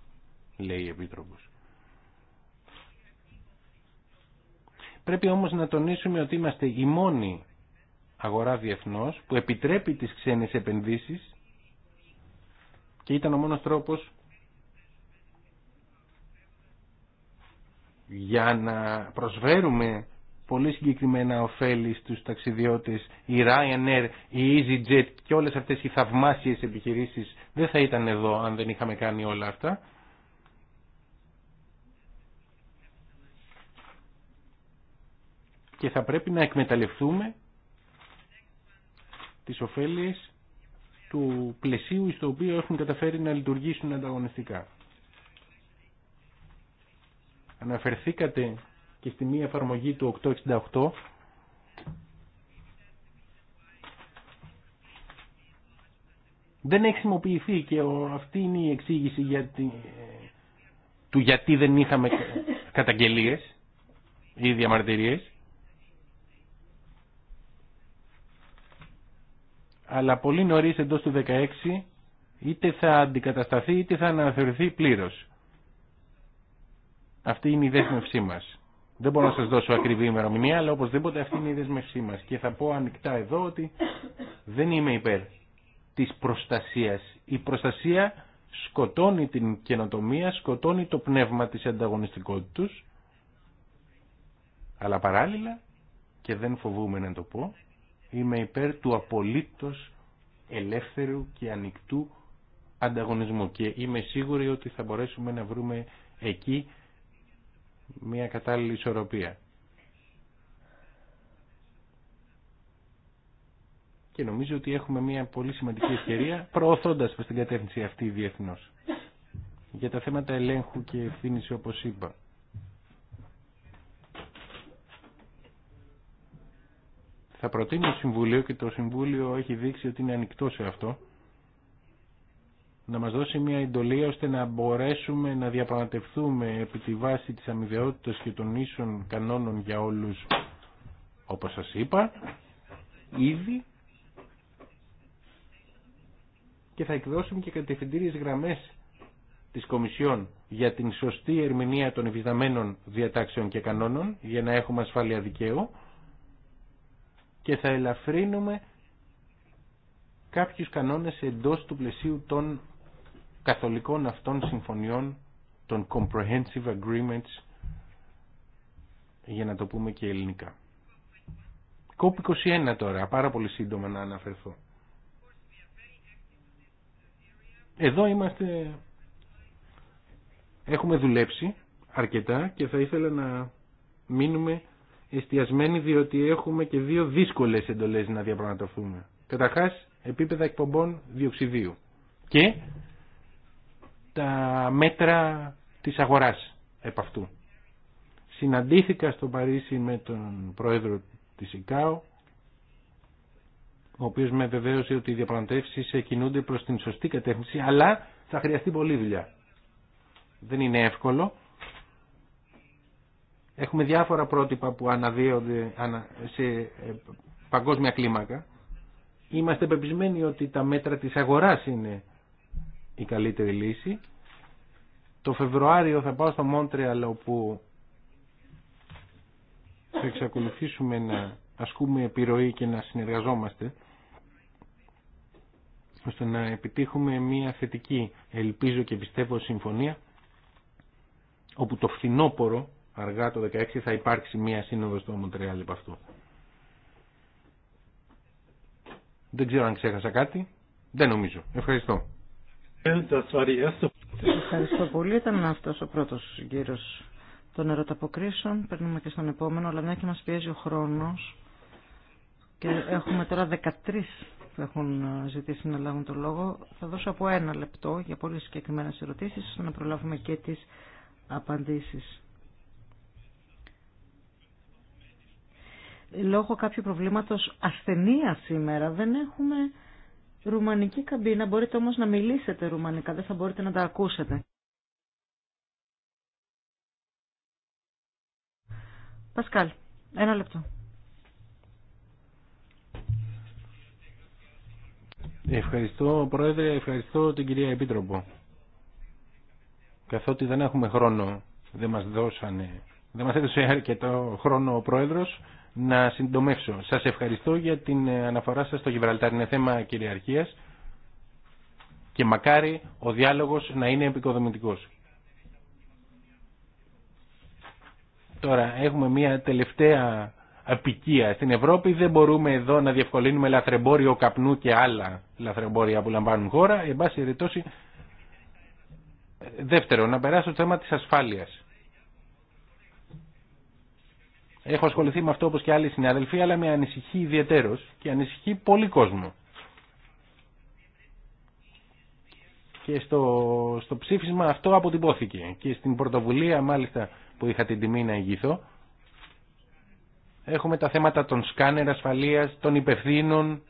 λέει η Επίτροπος. Πρέπει όμως να τονίσουμε ότι είμαστε οι μόνοι αγορά διεθνώς που επιτρέπει τις ξένες επενδύσεις και ήταν ο μόνος τρόπος για να προσφέρουμε πολύ συγκεκριμένα ωφέλη στους ταξιδιώτες η Ryanair, η EasyJet και όλες αυτές οι θαυμάσιες επιχειρήσεις δεν θα ήταν εδώ αν δεν είχαμε κάνει όλα αυτά και θα πρέπει να εκμεταλλευτούμε τις ωφέλειες του πλαισίου στο οποίο έχουν καταφέρει να λειτουργήσουν ανταγωνιστικά. Αναφερθήκατε και στη μία εφαρμογή του 868 δεν έχει χρησιμοποιηθεί και αυτή είναι η εξήγηση για του γιατί δεν είχαμε καταγγελίες ή διαμαρτυρίες αλλά πολύ νωρίς εντός του 16 είτε θα αντικατασταθεί είτε θα αναθεωρηθεί πλήρως. Αυτή είναι η δέσμευσή μας. Δεν μπορώ να σας δώσω ακριβή ημερομηνία, αλλά οπωσδήποτε αυτή είναι η δέσμευσή μας. Και θα πω ανοιχτά εδώ ότι δεν είμαι υπέρ της προστασίας. Η προστασία σκοτώνει την καινοτομία, σκοτώνει το πνεύμα της ανταγωνιστικότητας, αλλά παράλληλα, και δεν φοβούμαι να το πω, είμαι υπέρ του απολύτως ελεύθερου και ανοιχτού ανταγωνισμού και είμαι σίγουροι ότι θα μπορέσουμε να βρούμε εκεί μια κατάλληλη ισορροπία. Και νομίζω ότι έχουμε μια πολύ σημαντική ευκαιρία προωθώντας προς την κατεύθυνση αυτή διεθνώς. Για τα θέματα ελέγχου και ευθύνηση όπως είπα. θα προτείνω το Συμβούλιο και το Συμβούλιο έχει δείξει ότι είναι ανοιχτό σε αυτό να μας δώσει μια εντολή ώστε να μπορέσουμε να διαπραγματευτούμε επί τη βάση της αμοιβαιότητας και των ίσων κανόνων για όλους όπως σας είπα ήδη και θα εκδώσουμε και κατευθυντήριες γραμμές της Κομισιόν για την σωστή ερμηνεία των υφισταμένων διατάξεων και κανόνων για να έχουμε ασφάλεια δικαίου και θα ελαφρύνουμε κάποιους κανόνες εντός του πλαισίου των καθολικών αυτών συμφωνιών, των comprehensive agreements, για να το πούμε και ελληνικά. COP21 τώρα, πάρα πολύ σύντομα να αναφερθώ. Εδώ είμαστε, έχουμε δουλέψει αρκετά και θα ήθελα να μείνουμε εστιασμένοι διότι έχουμε και δύο δύσκολες εντολές να διαπραγματευτούμε. Καταρχά, επίπεδα εκπομπών διοξιδίου και τα μέτρα της αγοράς επ' αυτού. Συναντήθηκα στο Παρίσι με τον πρόεδρο της ΙΚΑΟ, ο οποίος με βεβαίωσε ότι οι διαπραγματεύσεις κινούνται προς την σωστή κατεύθυνση, αλλά θα χρειαστεί πολλή δουλειά. Δεν είναι εύκολο Έχουμε διάφορα πρότυπα που αναδύονται σε ε, παγκόσμια κλίμακα. Είμαστε πεπισμένοι ότι τα μέτρα της αγοράς είναι η καλύτερη λύση. Το Φεβρουάριο θα πάω στο Μόντρεαλ όπου θα εξακολουθήσουμε να ασκούμε επιρροή και να συνεργαζόμαστε ώστε να επιτύχουμε μια θετική ελπίζω και πιστεύω συμφωνία όπου το φθινόπωρο αργά το 2016 θα υπάρξει μία σύνοδο στο Μοντρεάλ από αυτού. Δεν ξέρω αν ξέχασα κάτι. Δεν νομίζω. Ευχαριστώ. Ευχαριστώ πολύ. Ήταν αυτό ο πρώτο γύρο των ερωταποκρίσεων. Παίρνουμε και στον επόμενο, αλλά μια και μα πιέζει ο χρόνο. Και έχουμε τώρα 13 που έχουν ζητήσει να λάβουν το λόγο. Θα δώσω από ένα λεπτό για πολύ συγκεκριμένε ερωτήσει ώστε να προλάβουμε και τι απαντήσει. λόγω κάποιου προβλήματος ασθενεία σήμερα δεν έχουμε ρουμανική καμπίνα. Μπορείτε όμως να μιλήσετε ρουμανικά, δεν θα μπορείτε να τα ακούσετε. Πασκάλ, ένα λεπτό. Ευχαριστώ Πρόεδρε, ευχαριστώ την κυρία Επίτροπο. Καθότι δεν έχουμε χρόνο, δεν μας δώσανε, δεν μας έδωσε αρκετό χρόνο ο Πρόεδρος, να συντομεύσω. Σας ευχαριστώ για την ε, αναφορά σας στο Γιβραλτάρ. Είναι θέμα κυριαρχίας και μακάρι ο διάλογος να είναι επικοδομητικός. Τώρα έχουμε μια τελευταία απικία στην Ευρώπη. Δεν μπορούμε εδώ να διευκολύνουμε λαθρεμπόριο καπνού και άλλα λαθρεμπόρια που λαμβάνουν χώρα. Εν πάση ε, δεύτερο, να περάσω στο θέμα της ασφάλειας. Έχω ασχοληθεί με αυτό όπως και άλλοι συναδελφοί, αλλά με ανησυχεί ιδιαίτερος και ανησυχεί πολύ κόσμο. Και στο, στο ψήφισμα αυτό αποτυπώθηκε και στην πρωτοβουλία μάλιστα που είχα την τιμή να ηγηθώ. Έχουμε τα θέματα των σκάνερ ασφαλείας, των υπευθύνων,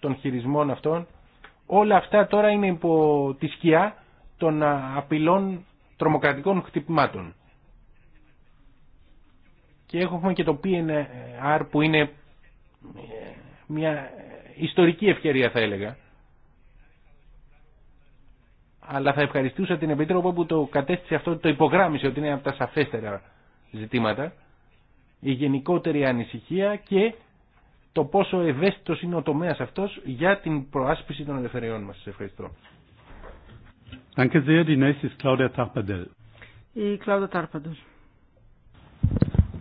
των χειρισμών αυτών. Όλα αυτά τώρα είναι υπό τη σκιά των απειλών τρομοκρατικών χτυπημάτων. Και έχουμε και το PNR που είναι ε, μια ιστορική ευκαιρία θα έλεγα. Αλλά θα ευχαριστούσα την Επίτροπο που το κατέστησε αυτό, το υπογράμμισε ότι είναι από τα σαφέστερα ζητήματα. Η γενικότερη ανησυχία και το πόσο ευαίσθητος είναι ο τομέας αυτός για την προάσπιση των ελευθεριών μας. Σας ευχαριστώ. Η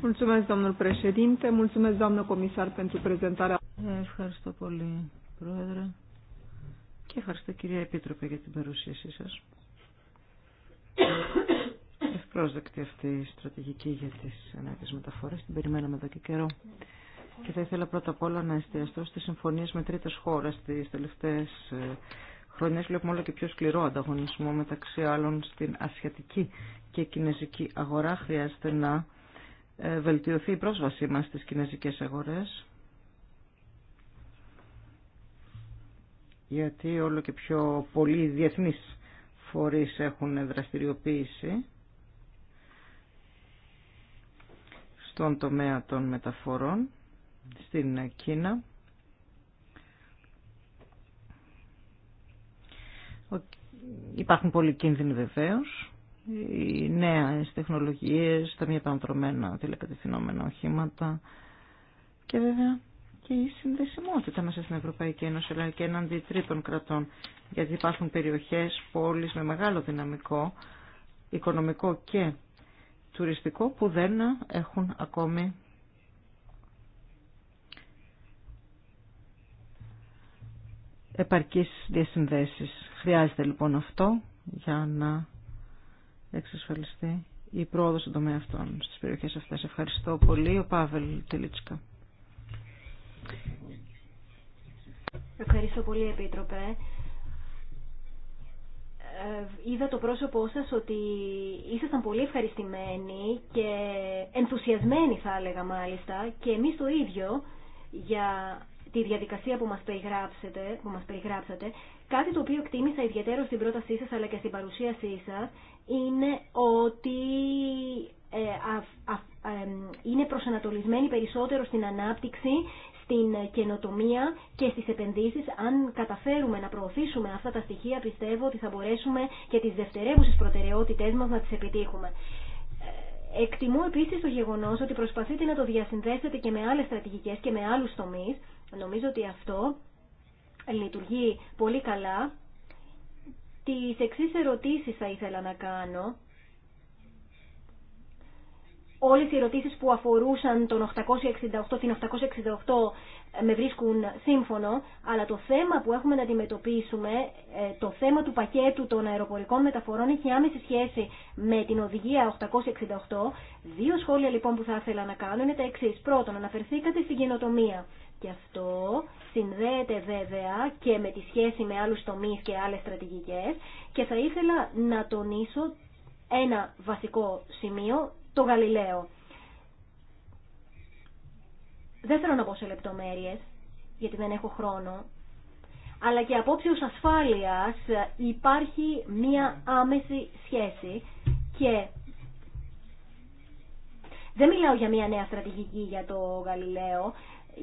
Ευχαριστώ πολύ, Πρόεδρε. Και ευχαριστώ, κυρία Επίτροπε, για την παρουσίασή σας. Ευπρόσδεκτη αυτή η στρατηγική για τις ανάγκες μεταφορές. Την περιμέναμε εδώ και καιρό. Και θα ήθελα πρώτα απ' όλα να εστιαστώ στις συμφωνίες με τρίτες χώρες τις τελευταίες ε, χρονιές βλέπουμε όλο και πιο σκληρό ανταγωνισμό μεταξύ άλλων στην ασιατική και κινέζικη αγορά. Χρειάζεται να ε, βελτιωθεί η πρόσβασή μας στις κινέζικες αγορές. Γιατί όλο και πιο πολλοί διεθνείς φορείς έχουν δραστηριοποίηση στον τομέα των μεταφορών στην Κίνα. Υπάρχουν πολλοί κίνδυνοι βεβαίως οι νέες τεχνολογίες, τα μη επανατρωμένα τηλεκατευθυνόμενα οχήματα και βέβαια και η συνδεσιμότητα μέσα στην Ευρωπαϊκή Ένωση αλλά και έναντι τρίτων κρατών γιατί υπάρχουν περιοχές, πόλεις με μεγάλο δυναμικό, οικονομικό και τουριστικό που δεν έχουν ακόμη επαρκείς διασυνδέσεις. Χρειάζεται λοιπόν αυτό για να εξασφαλιστεί η πρόοδος στον τομέα αυτών στις περιοχές αυτές. Ευχαριστώ πολύ. Ο Πάβελ Τελίτσκα. Ευχαριστώ πολύ, Επίτροπε. Ε, είδα το πρόσωπό σας ότι ήσασταν πολύ ευχαριστημένοι και ενθουσιασμένοι θα έλεγα μάλιστα και εμείς το ίδιο για τη διαδικασία που μας, περιγράψετε, που μας περιγράψατε, κάτι το οποίο εκτίμησα ιδιαίτερα στην πρότασή σας αλλά και στην παρουσίασή σας, είναι ότι ε, είναι προσανατολισμένη περισσότερο στην ανάπτυξη, στην καινοτομία και στις επενδύσεις. Αν καταφέρουμε να προωθήσουμε αυτά τα στοιχεία, πιστεύω ότι θα μπορέσουμε και τις δευτερεύουσες προτεραιότητές μας να τις επιτύχουμε. Ε, εκτιμώ επίσης το γεγονός ότι προσπαθείτε να το διασυνδέσετε και με άλλες στρατηγικές και με άλλους τομείς. Νομίζω ότι αυτό λειτουργεί πολύ καλά Τις εξής ερωτήσεις θα ήθελα να κάνω. Όλες οι ερωτήσεις που αφορούσαν τον 868, την 868 με βρίσκουν σύμφωνο, αλλά το θέμα που έχουμε να αντιμετωπίσουμε, ε, το θέμα του πακέτου των αεροπορικών μεταφορών έχει άμεση σχέση με την οδηγία 868. Δύο σχόλια λοιπόν που θα ήθελα να κάνω είναι τα εξής. Πρώτον, αναφερθήκατε στην καινοτομία. Και αυτό συνδέεται βέβαια και με τη σχέση με άλλους τομείς και άλλες στρατηγικές και θα ήθελα να τονίσω ένα βασικό σημείο, το Γαλιλαίο. Δεν θέλω να πω σε λεπτομέρειες, γιατί δεν έχω χρόνο, αλλά και απόψε ασφάλειας υπάρχει μία άμεση σχέση και δεν μιλάω για μια νέα στρατηγική για το Γαλιλαίο,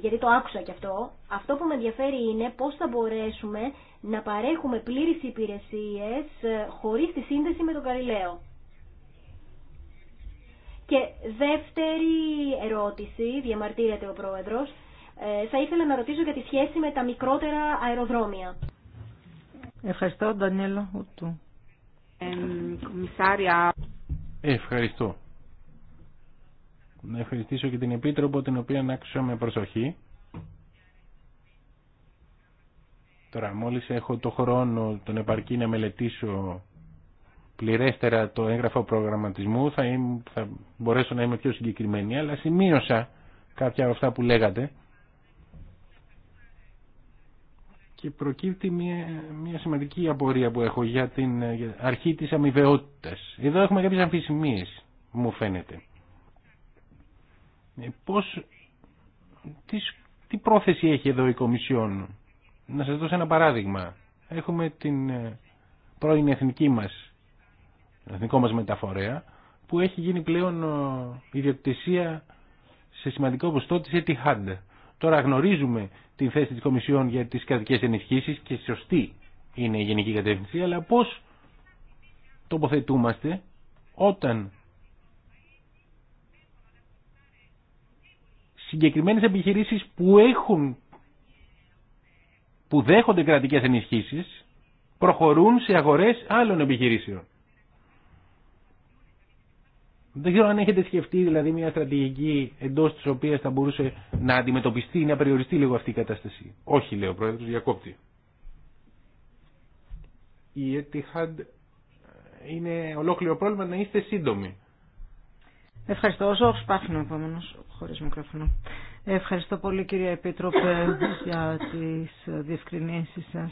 γιατί το άκουσα και αυτό. Αυτό που με ενδιαφέρει είναι πώς θα μπορέσουμε να παρέχουμε πλήρεις υπηρεσίες ε, χωρίς τη σύνδεση με τον Γαλιλαίο. Και δεύτερη ερώτηση, διαμαρτύρεται ο Πρόεδρος, ε, θα ήθελα να ρωτήσω για τη σχέση με τα μικρότερα αεροδρόμια. Ευχαριστώ, Ντανιέλα Ευχαριστώ να ευχαριστήσω και την Επίτροπο την οποία άκουσα με προσοχή. Τώρα μόλις έχω το χρόνο τον επαρκή να μελετήσω πληρέστερα το έγγραφο προγραμματισμού θα, είμαι, θα μπορέσω να είμαι πιο συγκεκριμένη αλλά σημείωσα κάποια από αυτά που λέγατε και προκύπτει μια, μια σημαντική απορία που έχω για την αρχή της αμοιβαιότητας. Εδώ έχουμε κάποιες αμφισημίες μου φαίνεται. Ε, πώς, τι, τι πρόθεση έχει εδώ η Κομισιόν. Να σας δώσω ένα παράδειγμα. Έχουμε την ε, πρώην εθνική μας, εθνικό μας μεταφορέα, που έχει γίνει πλέον ε, ιδιοκτησία σε σημαντικό ποσοστό της Etihad. Τώρα γνωρίζουμε την θέση της Κομισιόν για τις κρατικές ενισχύσεις και σωστή είναι η γενική κατεύθυνση, αλλά πώς τοποθετούμαστε όταν Συγκεκριμένε επιχειρήσεις που έχουν, που δέχονται κρατικές ενισχύσεις, προχωρούν σε αγορές άλλων επιχειρήσεων. Δεν ξέρω αν έχετε σκεφτεί δηλαδή μια στρατηγική εντός της οποίας θα μπορούσε να αντιμετωπιστεί ή να περιοριστεί λίγο αυτή η κατάσταση. Όχι λέει ο πρόεδρο, διακόπτη. Η Etihad είναι ολόκληρο πρόβλημα να είστε σύντομοι. Ευχαριστώ. Ο Ζόρ επόμενο, χωρί μικρόφωνο. Ευχαριστώ πολύ, κυρία Επίτροπε, για τι διευκρινήσει σα.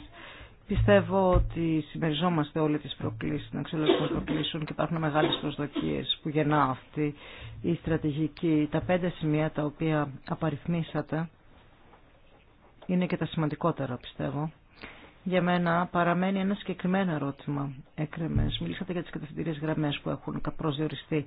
Πιστεύω ότι συμμεριζόμαστε όλε τις προκλήσεις, να εξελίξουμε προκλήσουν και υπάρχουν μεγάλες προσδοκίες που γεννά αυτή η στρατηγική. Τα πέντε σημεία τα οποία απαριθμίσατε είναι και τα σημαντικότερα, πιστεύω. Για μένα παραμένει ένα συγκεκριμένο ερώτημα έκρεμες. Μιλήσατε για τις κατευθυντήριες γραμμές που έχουν προσδιοριστεί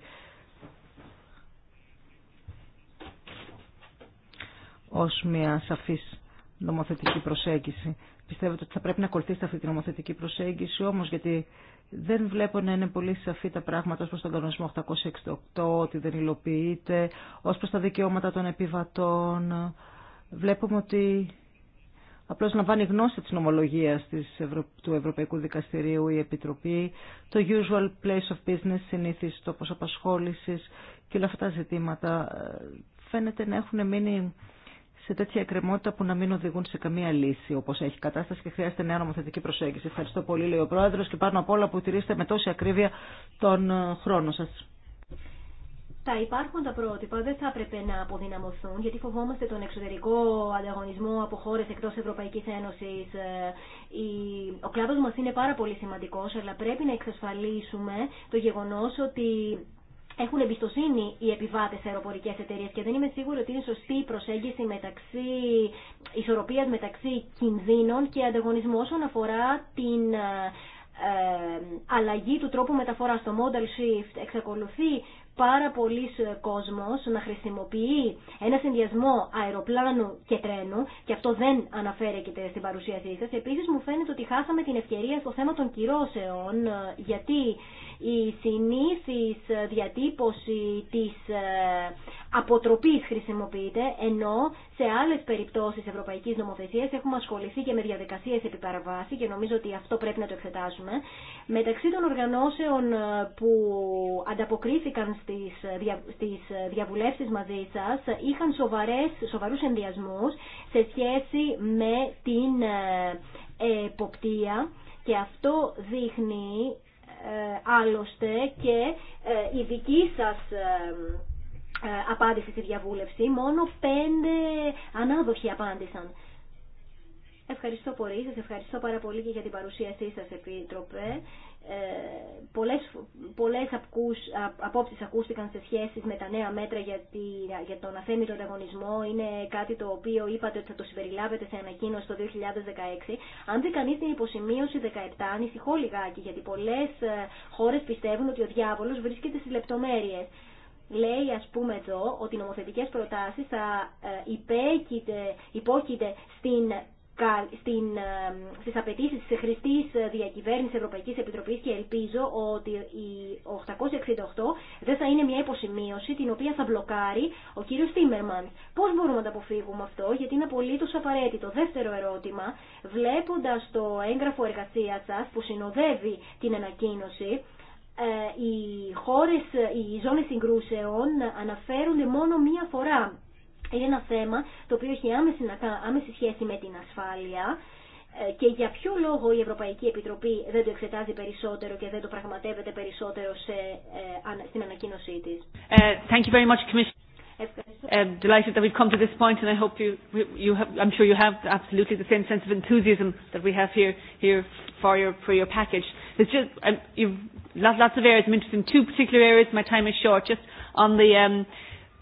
ως μια σαφής νομοθετική προσέγγιση. Πιστεύετε ότι θα πρέπει να ακολουθήσετε αυτή τη νομοθετική προσέγγιση όμως γιατί δεν βλέπω να είναι πολύ σαφή τα πράγματα ως προς τον κανονισμό 868, ότι δεν υλοποιείται, ως προς τα δικαιώματα των επιβατών. Βλέπουμε ότι απλώς λαμβάνει γνώση της νομολογίας της του Ευρωπαϊκού Δικαστηρίου η Επιτροπή, το usual place of business, συνήθις τόπος απασχόλησης και όλα αυτά τα ζητήματα ε, φαίνεται να έχουν μείνει σε τέτοια εκκρεμότητα που να μην οδηγούν σε καμία λύση όπω έχει κατάσταση και χρειάζεται νέα νομοθετική προσέγγιση. Ευχαριστώ πολύ, λέει ο Πρόεδρο, και πάνω απ' όλα που τηρήσετε με τόση ακρίβεια τον ε, χρόνο σα. Τα υπάρχοντα πρότυπα δεν θα έπρεπε να αποδυναμωθούν, γιατί φοβόμαστε τον εξωτερικό ανταγωνισμό από χώρε εκτό Ευρωπαϊκή Ένωση. Ε, ο κλάδο μα είναι πάρα πολύ σημαντικό, αλλά πρέπει να εξασφαλίσουμε το γεγονό ότι έχουν εμπιστοσύνη οι επιβάτε σε αεροπορικές εταιρείες και δεν είμαι σίγουρη ότι είναι σωστή η προσέγγιση μεταξύ ισορροπίας μεταξύ κινδύνων και ανταγωνισμού όσον αφορά την ε, ε, αλλαγή του τρόπου μεταφορά στο modal shift εξακολουθεί πάρα πολλοί κόσμος να χρησιμοποιεί ένα συνδυασμό αεροπλάνου και τρένου και αυτό δεν αναφέρεται στην παρουσίασή σας. Επίσης μου φαίνεται ότι χάσαμε την ευκαιρία στο θέμα των κυρώσεων ε, γιατί η συνήθις ε, διατύπωση της ε, αποτροπής χρησιμοποιείται, ενώ σε άλλες περιπτώσεις ευρωπαϊκής νομοθεσίας έχουμε ασχοληθεί και με διαδικασίες επί παραβάση και νομίζω ότι αυτό πρέπει να το εξετάσουμε. Μεταξύ των οργανώσεων ε, που ανταποκρίθηκαν στις, δια, στις διαβουλεύσεις μαζί σας είχαν σοβαρές, σοβαρούς ενδιασμούς σε σχέση με την εποπτεία και αυτό δείχνει ε, άλλωστε και ε, η δική σας ε, απάντηση στη διαβούλευση. Μόνο πέντε ανάδοχοι απάντησαν. Ευχαριστώ πολύ. Σας ευχαριστώ πάρα πολύ και για την παρουσίασή σας, Επίτροπε. Ε, πολλές, πολλές απόψεις ακούστηκαν σε σχέση με τα νέα μέτρα για, για τον αθέμητο ανταγωνισμό. Είναι κάτι το οποίο είπατε ότι θα το συμπεριλάβετε σε ανακοίνωση το 2016. Αν δεν κανείς την υποσημείωση 17, ανησυχώ λιγάκι, γιατί πολλές ε, χώρες πιστεύουν ότι ο διάβολος βρίσκεται στις λεπτομέρειες. Λέει ας πούμε εδώ ότι οι νομοθετικές προτάσεις θα ε, υπόκειται στην Στι στις απαιτήσεις της χρηστής διακυβέρνησης Ευρωπαϊκής Επιτροπής και ελπίζω ότι η 868 δεν θα είναι μια υποσημείωση την οποία θα μπλοκάρει ο κύριος Τίμερμαν. Πώς μπορούμε να το αποφύγουμε αυτό γιατί είναι απολύτως απαραίτητο. Δεύτερο ερώτημα, βλέποντας το έγγραφο εργασία σας που συνοδεύει την ανακοίνωση, ε, οι οι ζώνες συγκρούσεων αναφέρονται μόνο μία φορά είναι ένα θέμα το οποίο έχει άμεση, άμεση σχέση με την ασφάλεια και για ποιο λόγο η Ευρωπαϊκή Επιτροπή δεν το εξετάζει περισσότερο και δεν το πραγματεύεται περισσότερο σε, στην ανακοίνωσή της. thank you very much, Commissioner. I'm delighted that we've come to this point, and I hope you, you have, I'm sure you have absolutely the same sense of enthusiasm that we have here, here for your, for your package. There's just um, you've lots, lots of areas. I'm interested in two particular areas. My time is short. Just on the um,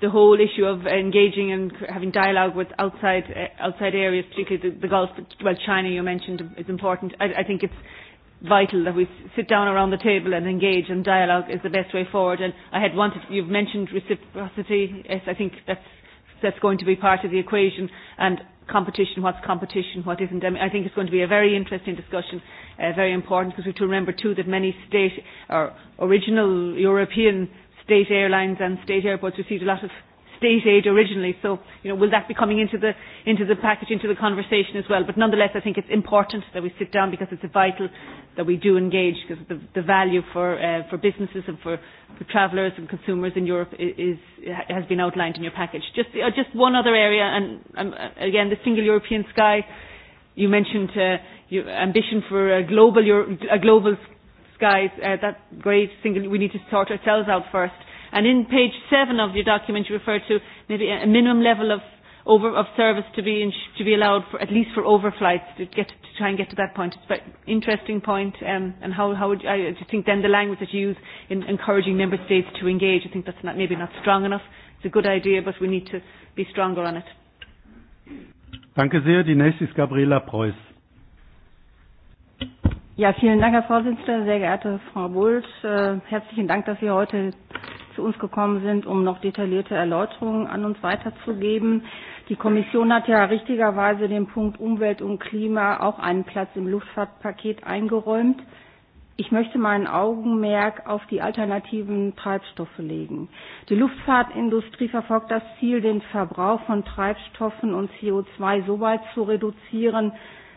the whole issue of engaging and having dialogue with outside outside areas, particularly the, the Gulf, well, China you mentioned is important. I, I think it's vital that we sit down around the table and engage and dialogue is the best way forward. And I had wanted, you've mentioned reciprocity. Yes, I think that's that's going to be part of the equation and competition, what's competition, what isn't. I, mean, I think it's going to be a very interesting discussion, uh, very important because we have to remember too that many state or original European state airlines and state airports received a lot of state aid originally. So, you know, will that be coming into the, into the package, into the conversation as well? But nonetheless, I think it's important that we sit down because it's vital that we do engage because the, the value for, uh, for businesses and for, for travellers and consumers in Europe is, has been outlined in your package. Just, uh, just one other area, and um, again, the single European sky. You mentioned uh, your ambition for a global, a global uh that great single, we need to sort ourselves out first. And in page seven of your document, you refer to maybe a minimum level of over of service to be to be allowed for at least for overflights to get to try and get to that point. It's an interesting point, um, and how how would I think then the language that you use in encouraging member states to engage. I think that's not maybe not strong enough. It's a good idea, but we need to be stronger on it. Danke sehr. Die nächste ist Gabriela Preuß. Ja, vielen Dank, Herr Vorsitzender, sehr geehrte Frau Bult. Herzlichen Dank, dass Sie heute zu uns gekommen sind, um noch detaillierte Erläuterungen an uns weiterzugeben. Die Kommission hat ja richtigerweise den Punkt Umwelt und Klima auch einen Platz im Luftfahrtpaket eingeräumt. Ich möchte meinen Augenmerk auf die alternativen Treibstoffe legen. Die Luftfahrtindustrie verfolgt das Ziel, den Verbrauch von Treibstoffen und CO2 so weit zu reduzieren,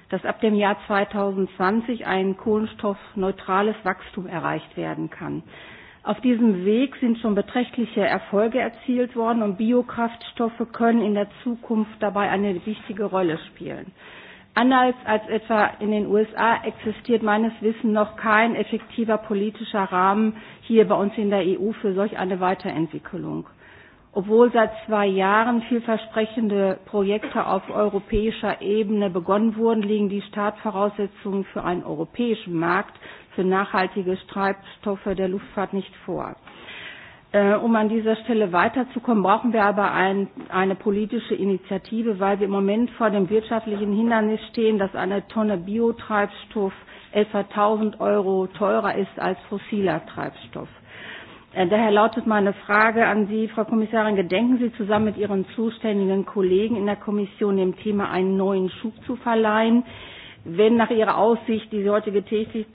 dass ab dem Jahr 2020 ein kohlenstoffneutrales Wachstum erreicht werden kann. Auf diesem Weg sind schon beträchtliche Erfolge erzielt worden und Biokraftstoffe können in der Zukunft dabei eine wichtige Rolle spielen. Anders als etwa in den USA existiert meines Wissens noch kein effektiver politischer Rahmen hier bei uns in der EU für solch eine Weiterentwicklung obwohl seit zwei Jahren vielversprechende Projekte auf europäischer Ebene begonnen wurden, liegen die Startvoraussetzungen für einen europäischen Markt für nachhaltige Treibstoffe der Luftfahrt nicht vor. Um an dieser Stelle weiterzukommen, brauchen wir aber eine politische Initiative, weil wir im Moment vor dem wirtschaftlichen Hindernis stehen, dass eine Tonne Biotreibstoff etwa 1000 Euro teurer ist als fossiler Treibstoff. Daher lautet meine Frage an Sie, Frau Kommissarin, gedenken Sie zusammen mit Ihren zuständigen Kollegen in der Kommission dem Thema einen neuen Schub zu verleihen? Wenn nach Ihrer Aussicht, die Sie heute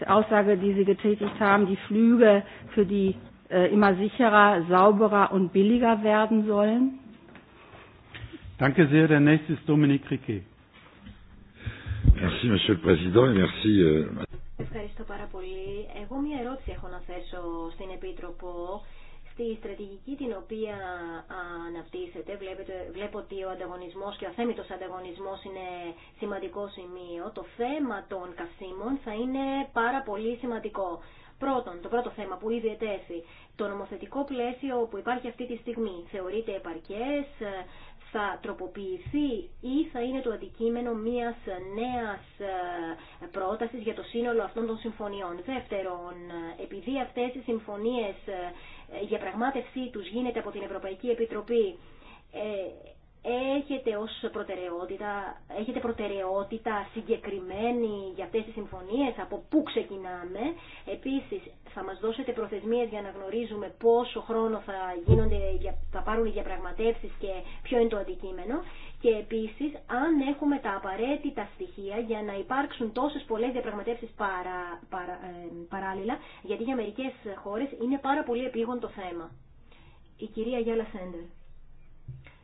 Aussage, die Sie getätigt haben, die Flüge für die immer sicherer, sauberer und billiger werden sollen? Danke sehr. Der nächste ist Dominique Riquet. Merci, Monsieur le Président, et merci Ευχαριστώ πάρα πολύ. Εγώ μία ερώτηση έχω να θέσω στην Επίτροπο. Στη στρατηγική την οποία αναπτύσσεται βλέπετε, βλέπω ότι ο ανταγωνισμός και ο αθέμητος ανταγωνισμός είναι σημαντικό σημείο. Το θέμα των καυσίμων θα είναι πάρα πολύ σημαντικό. Πρώτον, το πρώτο θέμα που ήδη ετέθη, το νομοθετικό πλαίσιο που υπάρχει αυτή τη στιγμή θεωρείται επαρκές, θα τροποποιηθεί ή θα είναι το αντικείμενο μιας νέας ε, πρότασης για το σύνολο αυτών των συμφωνιών. Δεύτερον, επειδή αυτές οι συμφωνίες για ε, ε, πραγμάτευσή τους γίνεται από την Ευρωπαϊκή Επιτροπή, έχετε ως προτεραιότητα, έχετε προτεραιότητα συγκεκριμένη για αυτές τις συμφωνίες, από πού ξεκινάμε. Επίσης, θα μας δώσετε προθεσμίες για να γνωρίζουμε πόσο χρόνο θα, γίνονται, θα πάρουν οι διαπραγματεύσεις και ποιο είναι το αντικείμενο. Και επίσης, αν έχουμε τα απαραίτητα στοιχεία για να υπάρξουν τόσες πολλές διαπραγματεύσεις παρα, ε, παράλληλα, γιατί για μερικές χώρες είναι πάρα πολύ επίγον το θέμα. Η κυρία Γιάλα Σέντερ.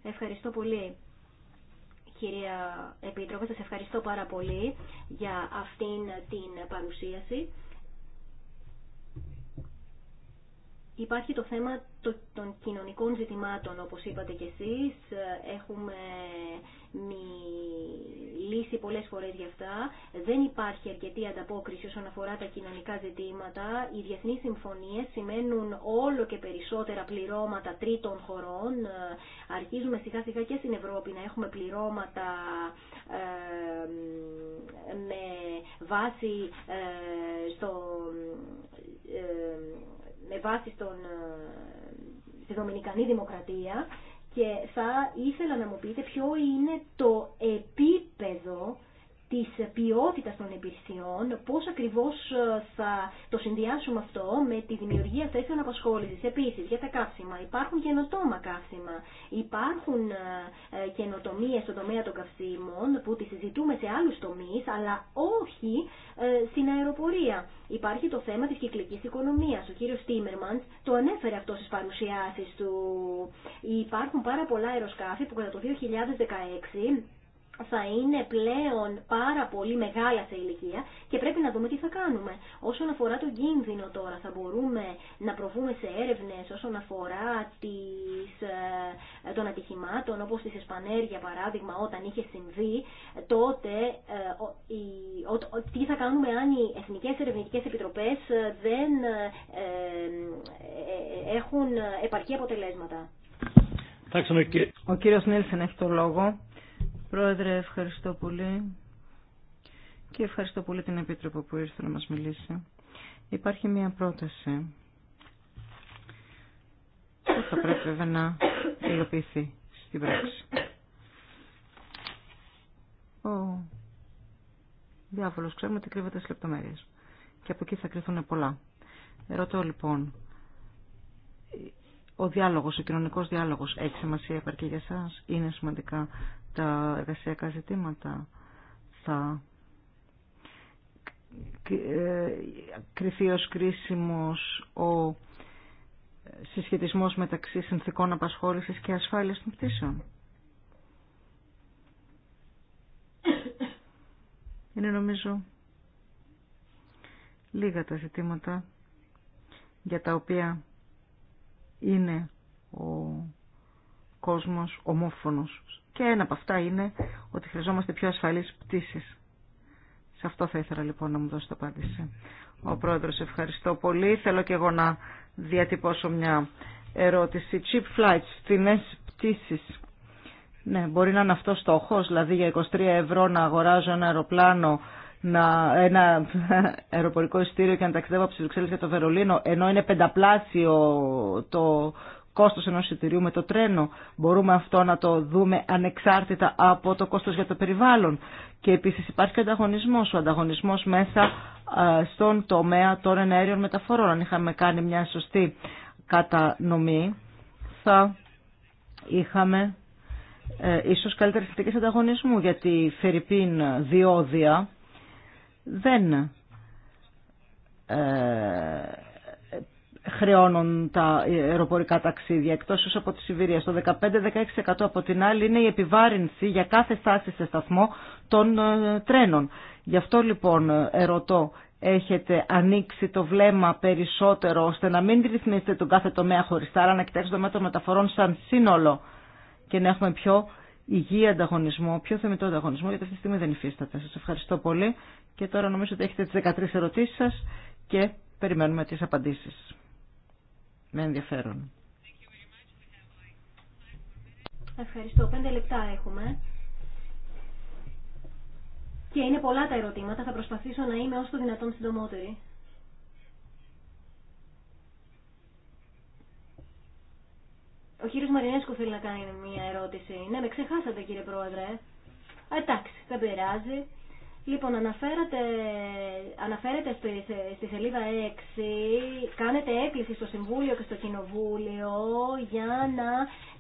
Ευχαριστώ πολύ. Κυρία Επίτροπε, σας ευχαριστώ πάρα πολύ για αυτήν την παρουσίαση. Υπάρχει το θέμα των κοινωνικών ζητημάτων, όπως είπατε κι εσείς. Έχουμε μιλήσει πολλές φορές γι' αυτά. Δεν υπάρχει αρκετή ανταπόκριση όσον αφορά τα κοινωνικά ζητήματα. Οι διεθνείς συμφωνίες σημαίνουν όλο και περισσότερα πληρώματα τρίτων χωρών. Αρχίζουμε σιγά σιγά και στην Ευρώπη να έχουμε πληρώματα με βάση ε, στο ε, με βάση στον, ε, στη Δομινικανή Δημοκρατία και θα ήθελα να μου πείτε ποιο είναι το επίπεδο της ποιότητας των υπηρεσιών, πώς ακριβώς ε, θα το συνδυάσουμε αυτό με τη δημιουργία θέσεων απασχόλησης. Επίσης, για τα καύσιμα, υπάρχουν καινοτόμα καύσιμα, υπάρχουν ε, ε, καινοτομίες στον τομέα των καυσίμων που τις συζητούμε σε άλλους τομείς, αλλά όχι στην αεροπορία. Υπάρχει το θέμα της κυκλικής οικονομίας. Ο κύριος Τίμερμαντ το ανέφερε αυτό στις παρουσιάσεις του. Υπάρχουν πάρα πολλά αεροσκάφη που κατά το 2016 θα είναι πλέον πάρα πολύ μεγάλα σε ηλικία και πρέπει να δούμε τι θα κάνουμε. Όσον αφορά τον κίνδυνο τώρα, θα μπορούμε να προβούμε σε έρευνες όσον αφορά τις, ε, των ατυχημάτων, όπως τη Εσπανέργεια παράδειγμα, όταν είχε συμβεί, τότε ε, τι θα κάνουμε αν οι εθνικές ερευνητικές επιτροπές ε, δεν έχουν επαρκή αποτελέσματα. Ο κύριος Νίλσεν έχει το λόγο. Πρόεδρε, ευχαριστώ πολύ και ευχαριστώ πολύ την Επίτροπο που ήρθε να μας μιλήσει. Υπάρχει μια πρόταση που θα πρέπει βέβαια να υλοποιηθεί στην πράξη. Ο διάβολος ξέρουμε ότι κρύβεται στις λεπτομέρειες και από εκεί θα κρυθούν πολλά. Ρωτώ λοιπόν, ο διάλογος, ο κοινωνικός διάλογος έχει σημασία επαρκή για εσάς, είναι σημαντικά τα εργασιακά ζητήματα θα ε, κρυθεί ως κρίσιμος ο συσχετισμός μεταξύ συνθήκων απασχόλησης και ασφάλειας των πτήσεων. Είναι νομίζω λίγα τα ζητήματα για τα οποία είναι ο κόσμος ομόφωνος. Και ένα από αυτά είναι ότι χρειαζόμαστε πιο ασφαλείς πτήσεις. Σε αυτό θα ήθελα λοιπόν να μου δώσετε απάντηση. Ο πρόεδρος, ευχαριστώ πολύ. Θέλω και εγώ να διατυπώσω μια ερώτηση. Cheap flights, φθηνές πτήσεις. Ναι, μπορεί να είναι αυτό στόχο, δηλαδή για 23 ευρώ να αγοράζω ένα αεροπλάνο να, ένα αεροπορικό ειστήριο και να ταξιδεύω από τι Βρυξέλλες για το Βερολίνο, ενώ είναι πενταπλάσιο το κόστος ενός εισιτηρίου με το τρένο. Μπορούμε αυτό να το δούμε ανεξάρτητα από το κόστος για το περιβάλλον. Και επίσης υπάρχει και ανταγωνισμός, ο ανταγωνισμός μέσα στον τομέα των εναέριων μεταφορών. Αν είχαμε κάνει μια σωστή κατανομή, θα είχαμε ε, ίσως καλύτερες συνθήκες ανταγωνισμού, γιατί η Φερρυπίν διόδια δεν... Ε, χρεώνουν τα αεροπορικά ταξίδια, εκτός από τη Σιβηρία. Στο 15-16% από την άλλη είναι η επιβάρυνση για κάθε στάση σε σταθμό των ε, τρένων. Γι' αυτό λοιπόν ερωτώ, έχετε ανοίξει το βλέμμα περισσότερο ώστε να μην ρυθμίσετε τον κάθε τομέα χωριστά, αλλά να κοιτάξετε το μέτρο μεταφορών σαν σύνολο και να έχουμε πιο υγιή ανταγωνισμό, πιο θεμητό ανταγωνισμό, γιατί αυτή τη στιγμή δεν υφίσταται. Σας ευχαριστώ πολύ και τώρα νομίζω ότι έχετε τι 13 ερωτήσεις σας και περιμένουμε τις απαντήσεις με ενδιαφέρον. Ευχαριστώ. Πέντε λεπτά έχουμε. Και είναι πολλά τα ερωτήματα. Θα προσπαθήσω να είμαι όσο το δυνατόν συντομότερη. Ο κύριος Μαρινέσκου θέλει να κάνει μια ερώτηση. Ναι, με ξεχάσατε κύριε Πρόεδρε. Ε, εντάξει, δεν περάζει. Λοιπόν, αναφέρατε, αναφέρετε στη, σελίδα 6, κάνετε έκκληση στο Συμβούλιο και στο Κοινοβούλιο για να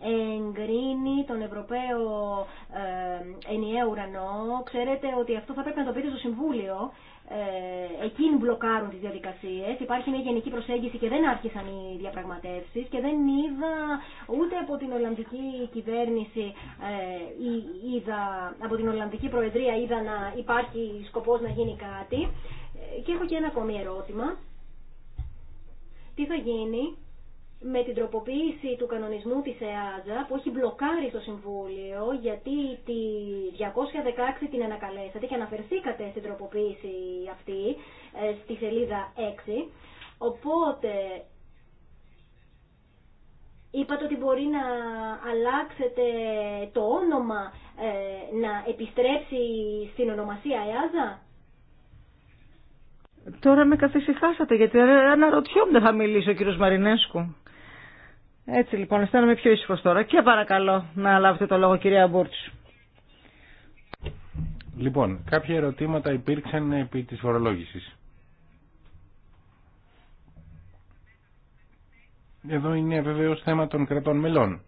εγκρίνει τον Ευρωπαίο ε, ενιαίο ουρανό. Ξέρετε ότι αυτό θα πρέπει να το πείτε στο Συμβούλιο, ε, εκείνοι μπλοκάρουν τις διαδικασίες. Υπάρχει μια γενική προσέγγιση και δεν άρχισαν οι διαπραγματεύσεις και δεν είδα ούτε από την Ολλανδική κυβέρνηση ε, είδα, από την Ολλανδική Προεδρία είδα να υπάρχει σκοπός να γίνει κάτι. Ε, και έχω και ένα ακόμη ερώτημα. Τι θα γίνει με την τροποποίηση του κανονισμού της ΕΑΖΑ που έχει μπλοκάρει στο Συμβούλιο γιατί τη 216 την ανακαλέσατε και αναφερθήκατε στην τροποποίηση αυτή ε, στη σελίδα 6 οπότε είπατε ότι μπορεί να αλλάξετε το όνομα ε, να επιστρέψει στην ονομασία ΕΑΖΑ Τώρα με καθησυχάσατε γιατί αναρωτιόμουν θα μιλήσει ο κύριος Μαρινέσκου. Έτσι λοιπόν, αισθάνομαι πιο ήσυχο τώρα και παρακαλώ να λάβετε το λόγο κυρία Μπούρτσου. Λοιπόν, κάποια ερωτήματα υπήρξαν επί της φορολόγησης. Εδώ είναι βεβαίω θέμα των κρατών μελών.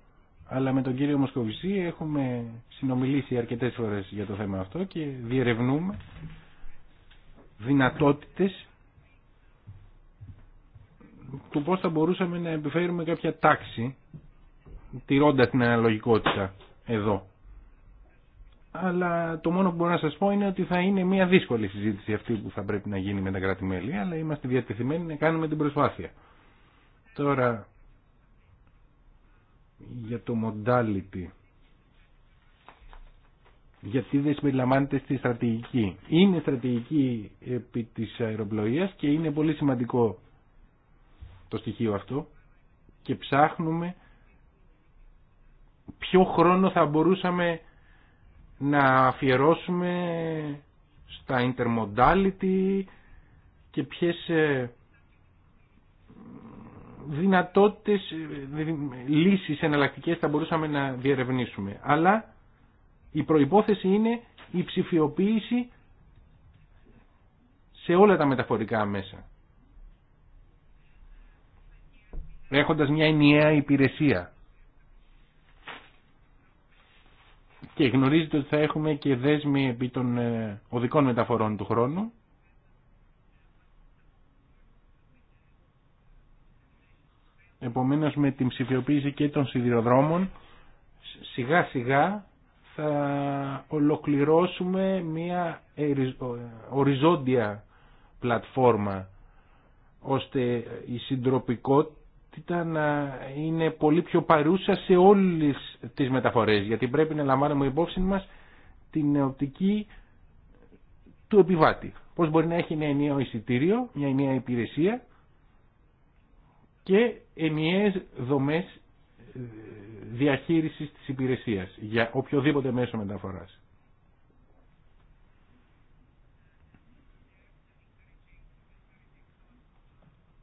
Αλλά με τον κύριο Μοσκοβισή έχουμε συνομιλήσει αρκετές φορές για το θέμα αυτό και διερευνούμε δυνατότητες του πώς θα μπορούσαμε να επιφέρουμε κάποια τάξη τηρώντας την αναλογικότητα εδώ. Αλλά το μόνο που μπορώ να σας πω είναι ότι θα είναι μια δύσκολη συζήτηση αυτή που θα πρέπει να γίνει με τα κράτη-μέλη, αλλά είμαστε διατεθειμένοι να κάνουμε την προσπάθεια. Τώρα, για το modality, γιατί δεν συμπεριλαμβάνεται στη στρατηγική. Είναι στρατηγική επί της αεροπλοείας και είναι πολύ σημαντικό το στοιχείο αυτό και ψάχνουμε ποιο χρόνο θα μπορούσαμε να αφιερώσουμε στα intermodality και ποιες ε, δυνατότητες, ε, λύσεις εναλλακτικές θα μπορούσαμε να διερευνήσουμε. Αλλά η προϋπόθεση είναι η ψηφιοποίηση σε όλα τα μεταφορικά μέσα. έχοντας μια ενιαία υπηρεσία. Και γνωρίζετε ότι θα έχουμε και δέσμη επί των ε, οδικών μεταφορών του χρόνου. Επομένως με την ψηφιοποίηση και των σιδηροδρόμων σιγά σιγά θα ολοκληρώσουμε μια οριζόντια πλατφόρμα ώστε η συντροπικότητα να είναι πολύ πιο παρούσα σε όλες τις μεταφορές γιατί πρέπει να λαμβάνουμε υπόψη μας την οπτική του επιβάτη. Πώς μπορεί να έχει ένα ενιαίο εισιτήριο, μια ενιαία υπηρεσία και ενιαίες δομές ε, διαχείρισης της υπηρεσίας για οποιοδήποτε μέσο μεταφοράς.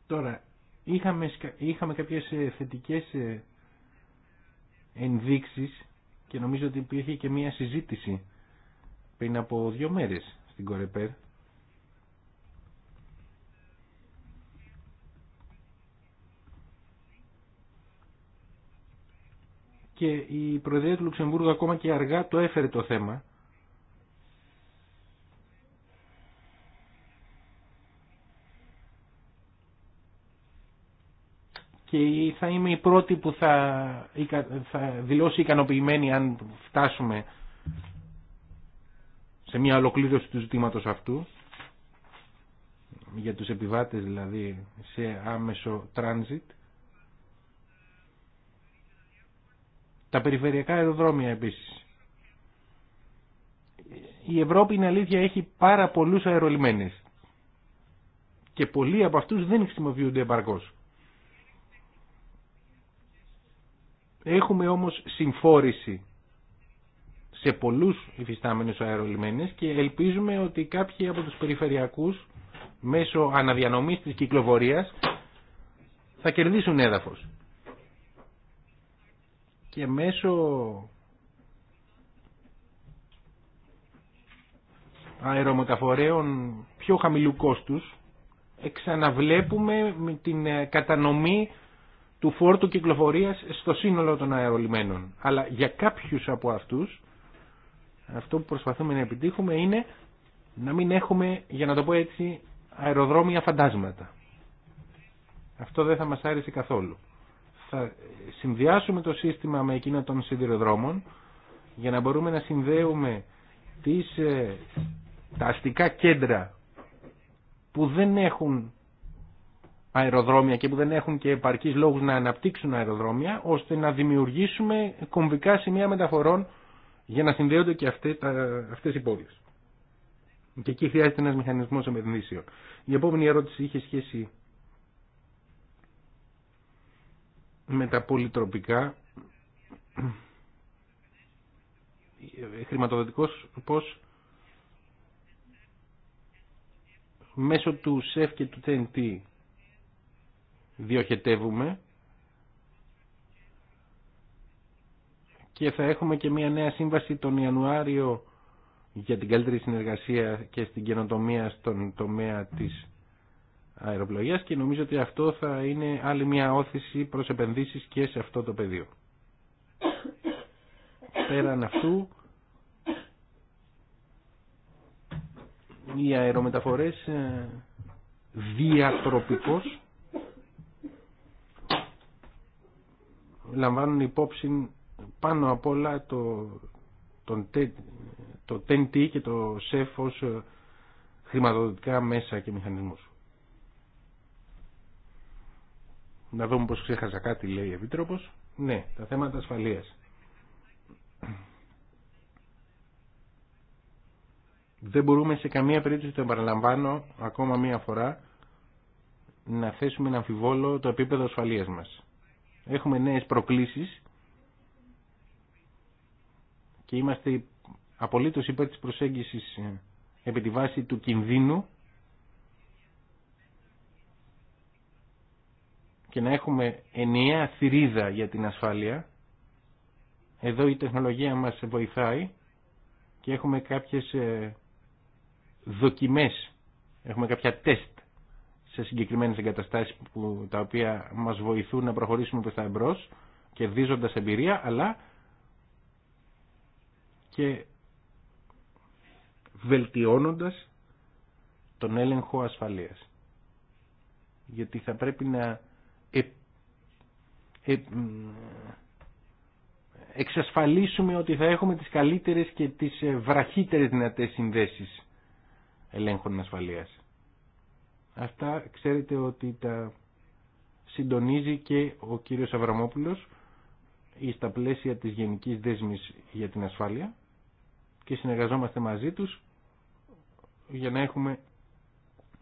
Τώρα, Είχαμε, είχαμε κάποιες ε, θετικές ε, ενδείξεις και νομίζω ότι υπήρχε και μία συζήτηση πριν από δύο μέρες στην Κορεπέρ και η Προεδρία του Λουξεμβούργου ακόμα και αργά το έφερε το θέμα και θα είμαι η πρώτη που θα, θα δηλώσει ικανοποιημένη αν φτάσουμε σε μια ολοκλήρωση του ζητήματος αυτού για τους επιβάτες δηλαδή σε άμεσο τράνζιτ τα περιφερειακά αεροδρόμια επίσης η Ευρώπη είναι αλήθεια έχει πάρα πολλούς αερολιμένες και πολλοί από αυτούς δεν χρησιμοποιούνται επαρκώς Έχουμε όμως συμφόρηση σε πολλούς υφιστάμενους αερολιμένες και ελπίζουμε ότι κάποιοι από τους περιφερειακούς μέσω αναδιανομής της κυκλοφορίας θα κερδίσουν έδαφος. Και μέσω αερομεταφορέων πιο χαμηλού κόστους εξαναβλέπουμε την κατανομή του φόρτου κυκλοφορίας στο σύνολο των αερολιμένων. Αλλά για κάποιους από αυτούς, αυτό που προσπαθούμε να επιτύχουμε είναι να μην έχουμε, για να το πω έτσι, αεροδρόμια φαντάσματα. Αυτό δεν θα μας άρεσε καθόλου. Θα συνδυάσουμε το σύστημα με εκείνα των σιδηροδρόμων για να μπορούμε να συνδέουμε τις, ε, τα αστικά κέντρα που δεν έχουν αεροδρόμια και που δεν έχουν και επαρκείς λόγους να αναπτύξουν αεροδρόμια, ώστε να δημιουργήσουμε κομβικά σημεία μεταφορών για να συνδέονται και αυτές, αυτές οι πόλεις. Και εκεί χρειάζεται ένας μηχανισμός επενδύσεων. Η επόμενη ερώτηση είχε σχέση με τα πολυτροπικά. Χρηματοδοτικός πώς μέσω του ΣΕΦ και του ΤΕΝΤΗ διοχετεύουμε και θα έχουμε και μια νέα σύμβαση τον Ιανουάριο για την καλύτερη συνεργασία και στην καινοτομία στον τομέα της αεροπλογίας και νομίζω ότι αυτό θα είναι άλλη μια όθηση προς επενδύσεις και σε αυτό το πεδίο. Πέραν αυτού, οι αερομεταφορές ε, διατροπικός λαμβάνουν υπόψη πάνω απ' όλα το, τον, το TNT και το ΣΕΦ ως ε, χρηματοδοτικά μέσα και μηχανισμούς. Να δούμε πως ξέχασα κάτι λέει η Επίτροπος. Ναι, τα θέματα ασφαλείας. Δεν μπορούμε σε καμία περίπτωση, το επαναλαμβάνω ακόμα μία φορά, να θέσουμε να αμφιβόλο το επίπεδο ασφαλείας μας. Έχουμε νέες προκλήσεις και είμαστε απολύτως υπέρ της προσέγγισης ε, επί τη βάση του κινδύνου και να έχουμε ενιαία θηρίδα για την ασφάλεια. Εδώ η τεχνολογία μας βοηθάει και έχουμε κάποιες ε, δοκιμές, έχουμε κάποια τεστ σε συγκεκριμένες εγκαταστάσεις που, τα οποία μας βοηθούν να προχωρήσουμε προς τα εμπρός, κερδίζοντας εμπειρία, αλλά και βελτιώνοντας τον έλεγχο ασφαλείας. Γιατί θα πρέπει να ε, ε, εξασφαλίσουμε ότι θα έχουμε τις καλύτερες και τις ε, βραχύτερες δυνατές συνδέσεις ελέγχων ασφαλείας. Αυτά ξέρετε ότι τα συντονίζει και ο κύριος Αβραμόπουλος στα πλαίσια της Γενικής Δέσμης για την Ασφάλεια και συνεργαζόμαστε μαζί τους για να έχουμε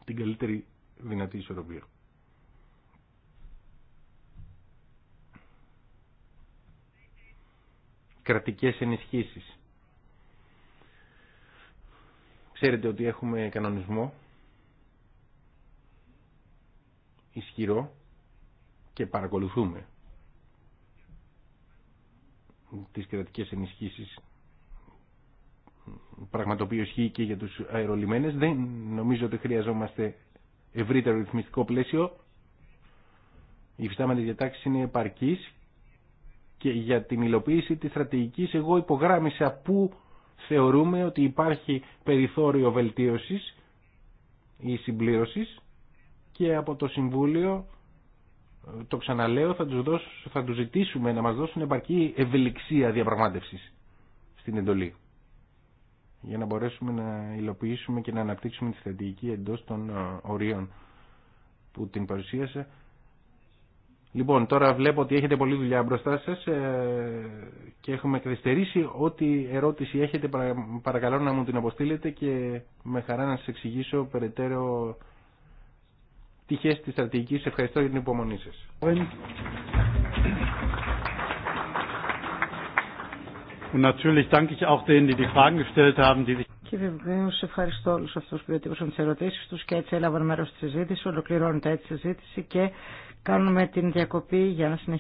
την καλύτερη δυνατή ισορροπία. Κρατικές ενισχύσεις. Ξέρετε ότι έχουμε κανονισμό ισχυρό και παρακολουθούμε τις κρατικές ενισχύσεις πραγματοποιεί και για τους αερολιμένες δεν νομίζω ότι χρειαζόμαστε ευρύτερο ρυθμιστικό πλαίσιο οι φυστάμενε διατάξεις είναι επαρκής και για την υλοποίηση της στρατηγικής εγώ υπογράμμισα που θεωρούμε ότι υπάρχει περιθώριο βελτίωσης ή συμπλήρωσης και από το Συμβούλιο το ξαναλέω θα τους, δώσω, θα τους ζητήσουμε να μας δώσουν επαρκή ευελιξία διαπραγμάτευσης στην εντολή για να μπορέσουμε να υλοποιήσουμε και να αναπτύξουμε τη στρατηγική εντός των ε, ορίων που την παρουσίασε. Λοιπόν, τώρα βλέπω ότι έχετε πολλή δουλειά μπροστά σας ε, και έχουμε καθυστερήσει. Ό,τι ερώτηση έχετε παρακαλώ να μου την αποστείλετε και με χαρά να σας εξηγήσω περαιτέρω τυχέ τη στρατηγική. Ευχαριστώ για την υπομονή σα. Και βεβαίω ευχαριστώ όλου αυτού που διατύπωσαν τι ερωτήσει του και έτσι έλαβαν μέρο στη συζήτηση. Ολοκληρώνεται έτσι η συζήτηση και κάνουμε την διακοπή για να συνεχίσουμε.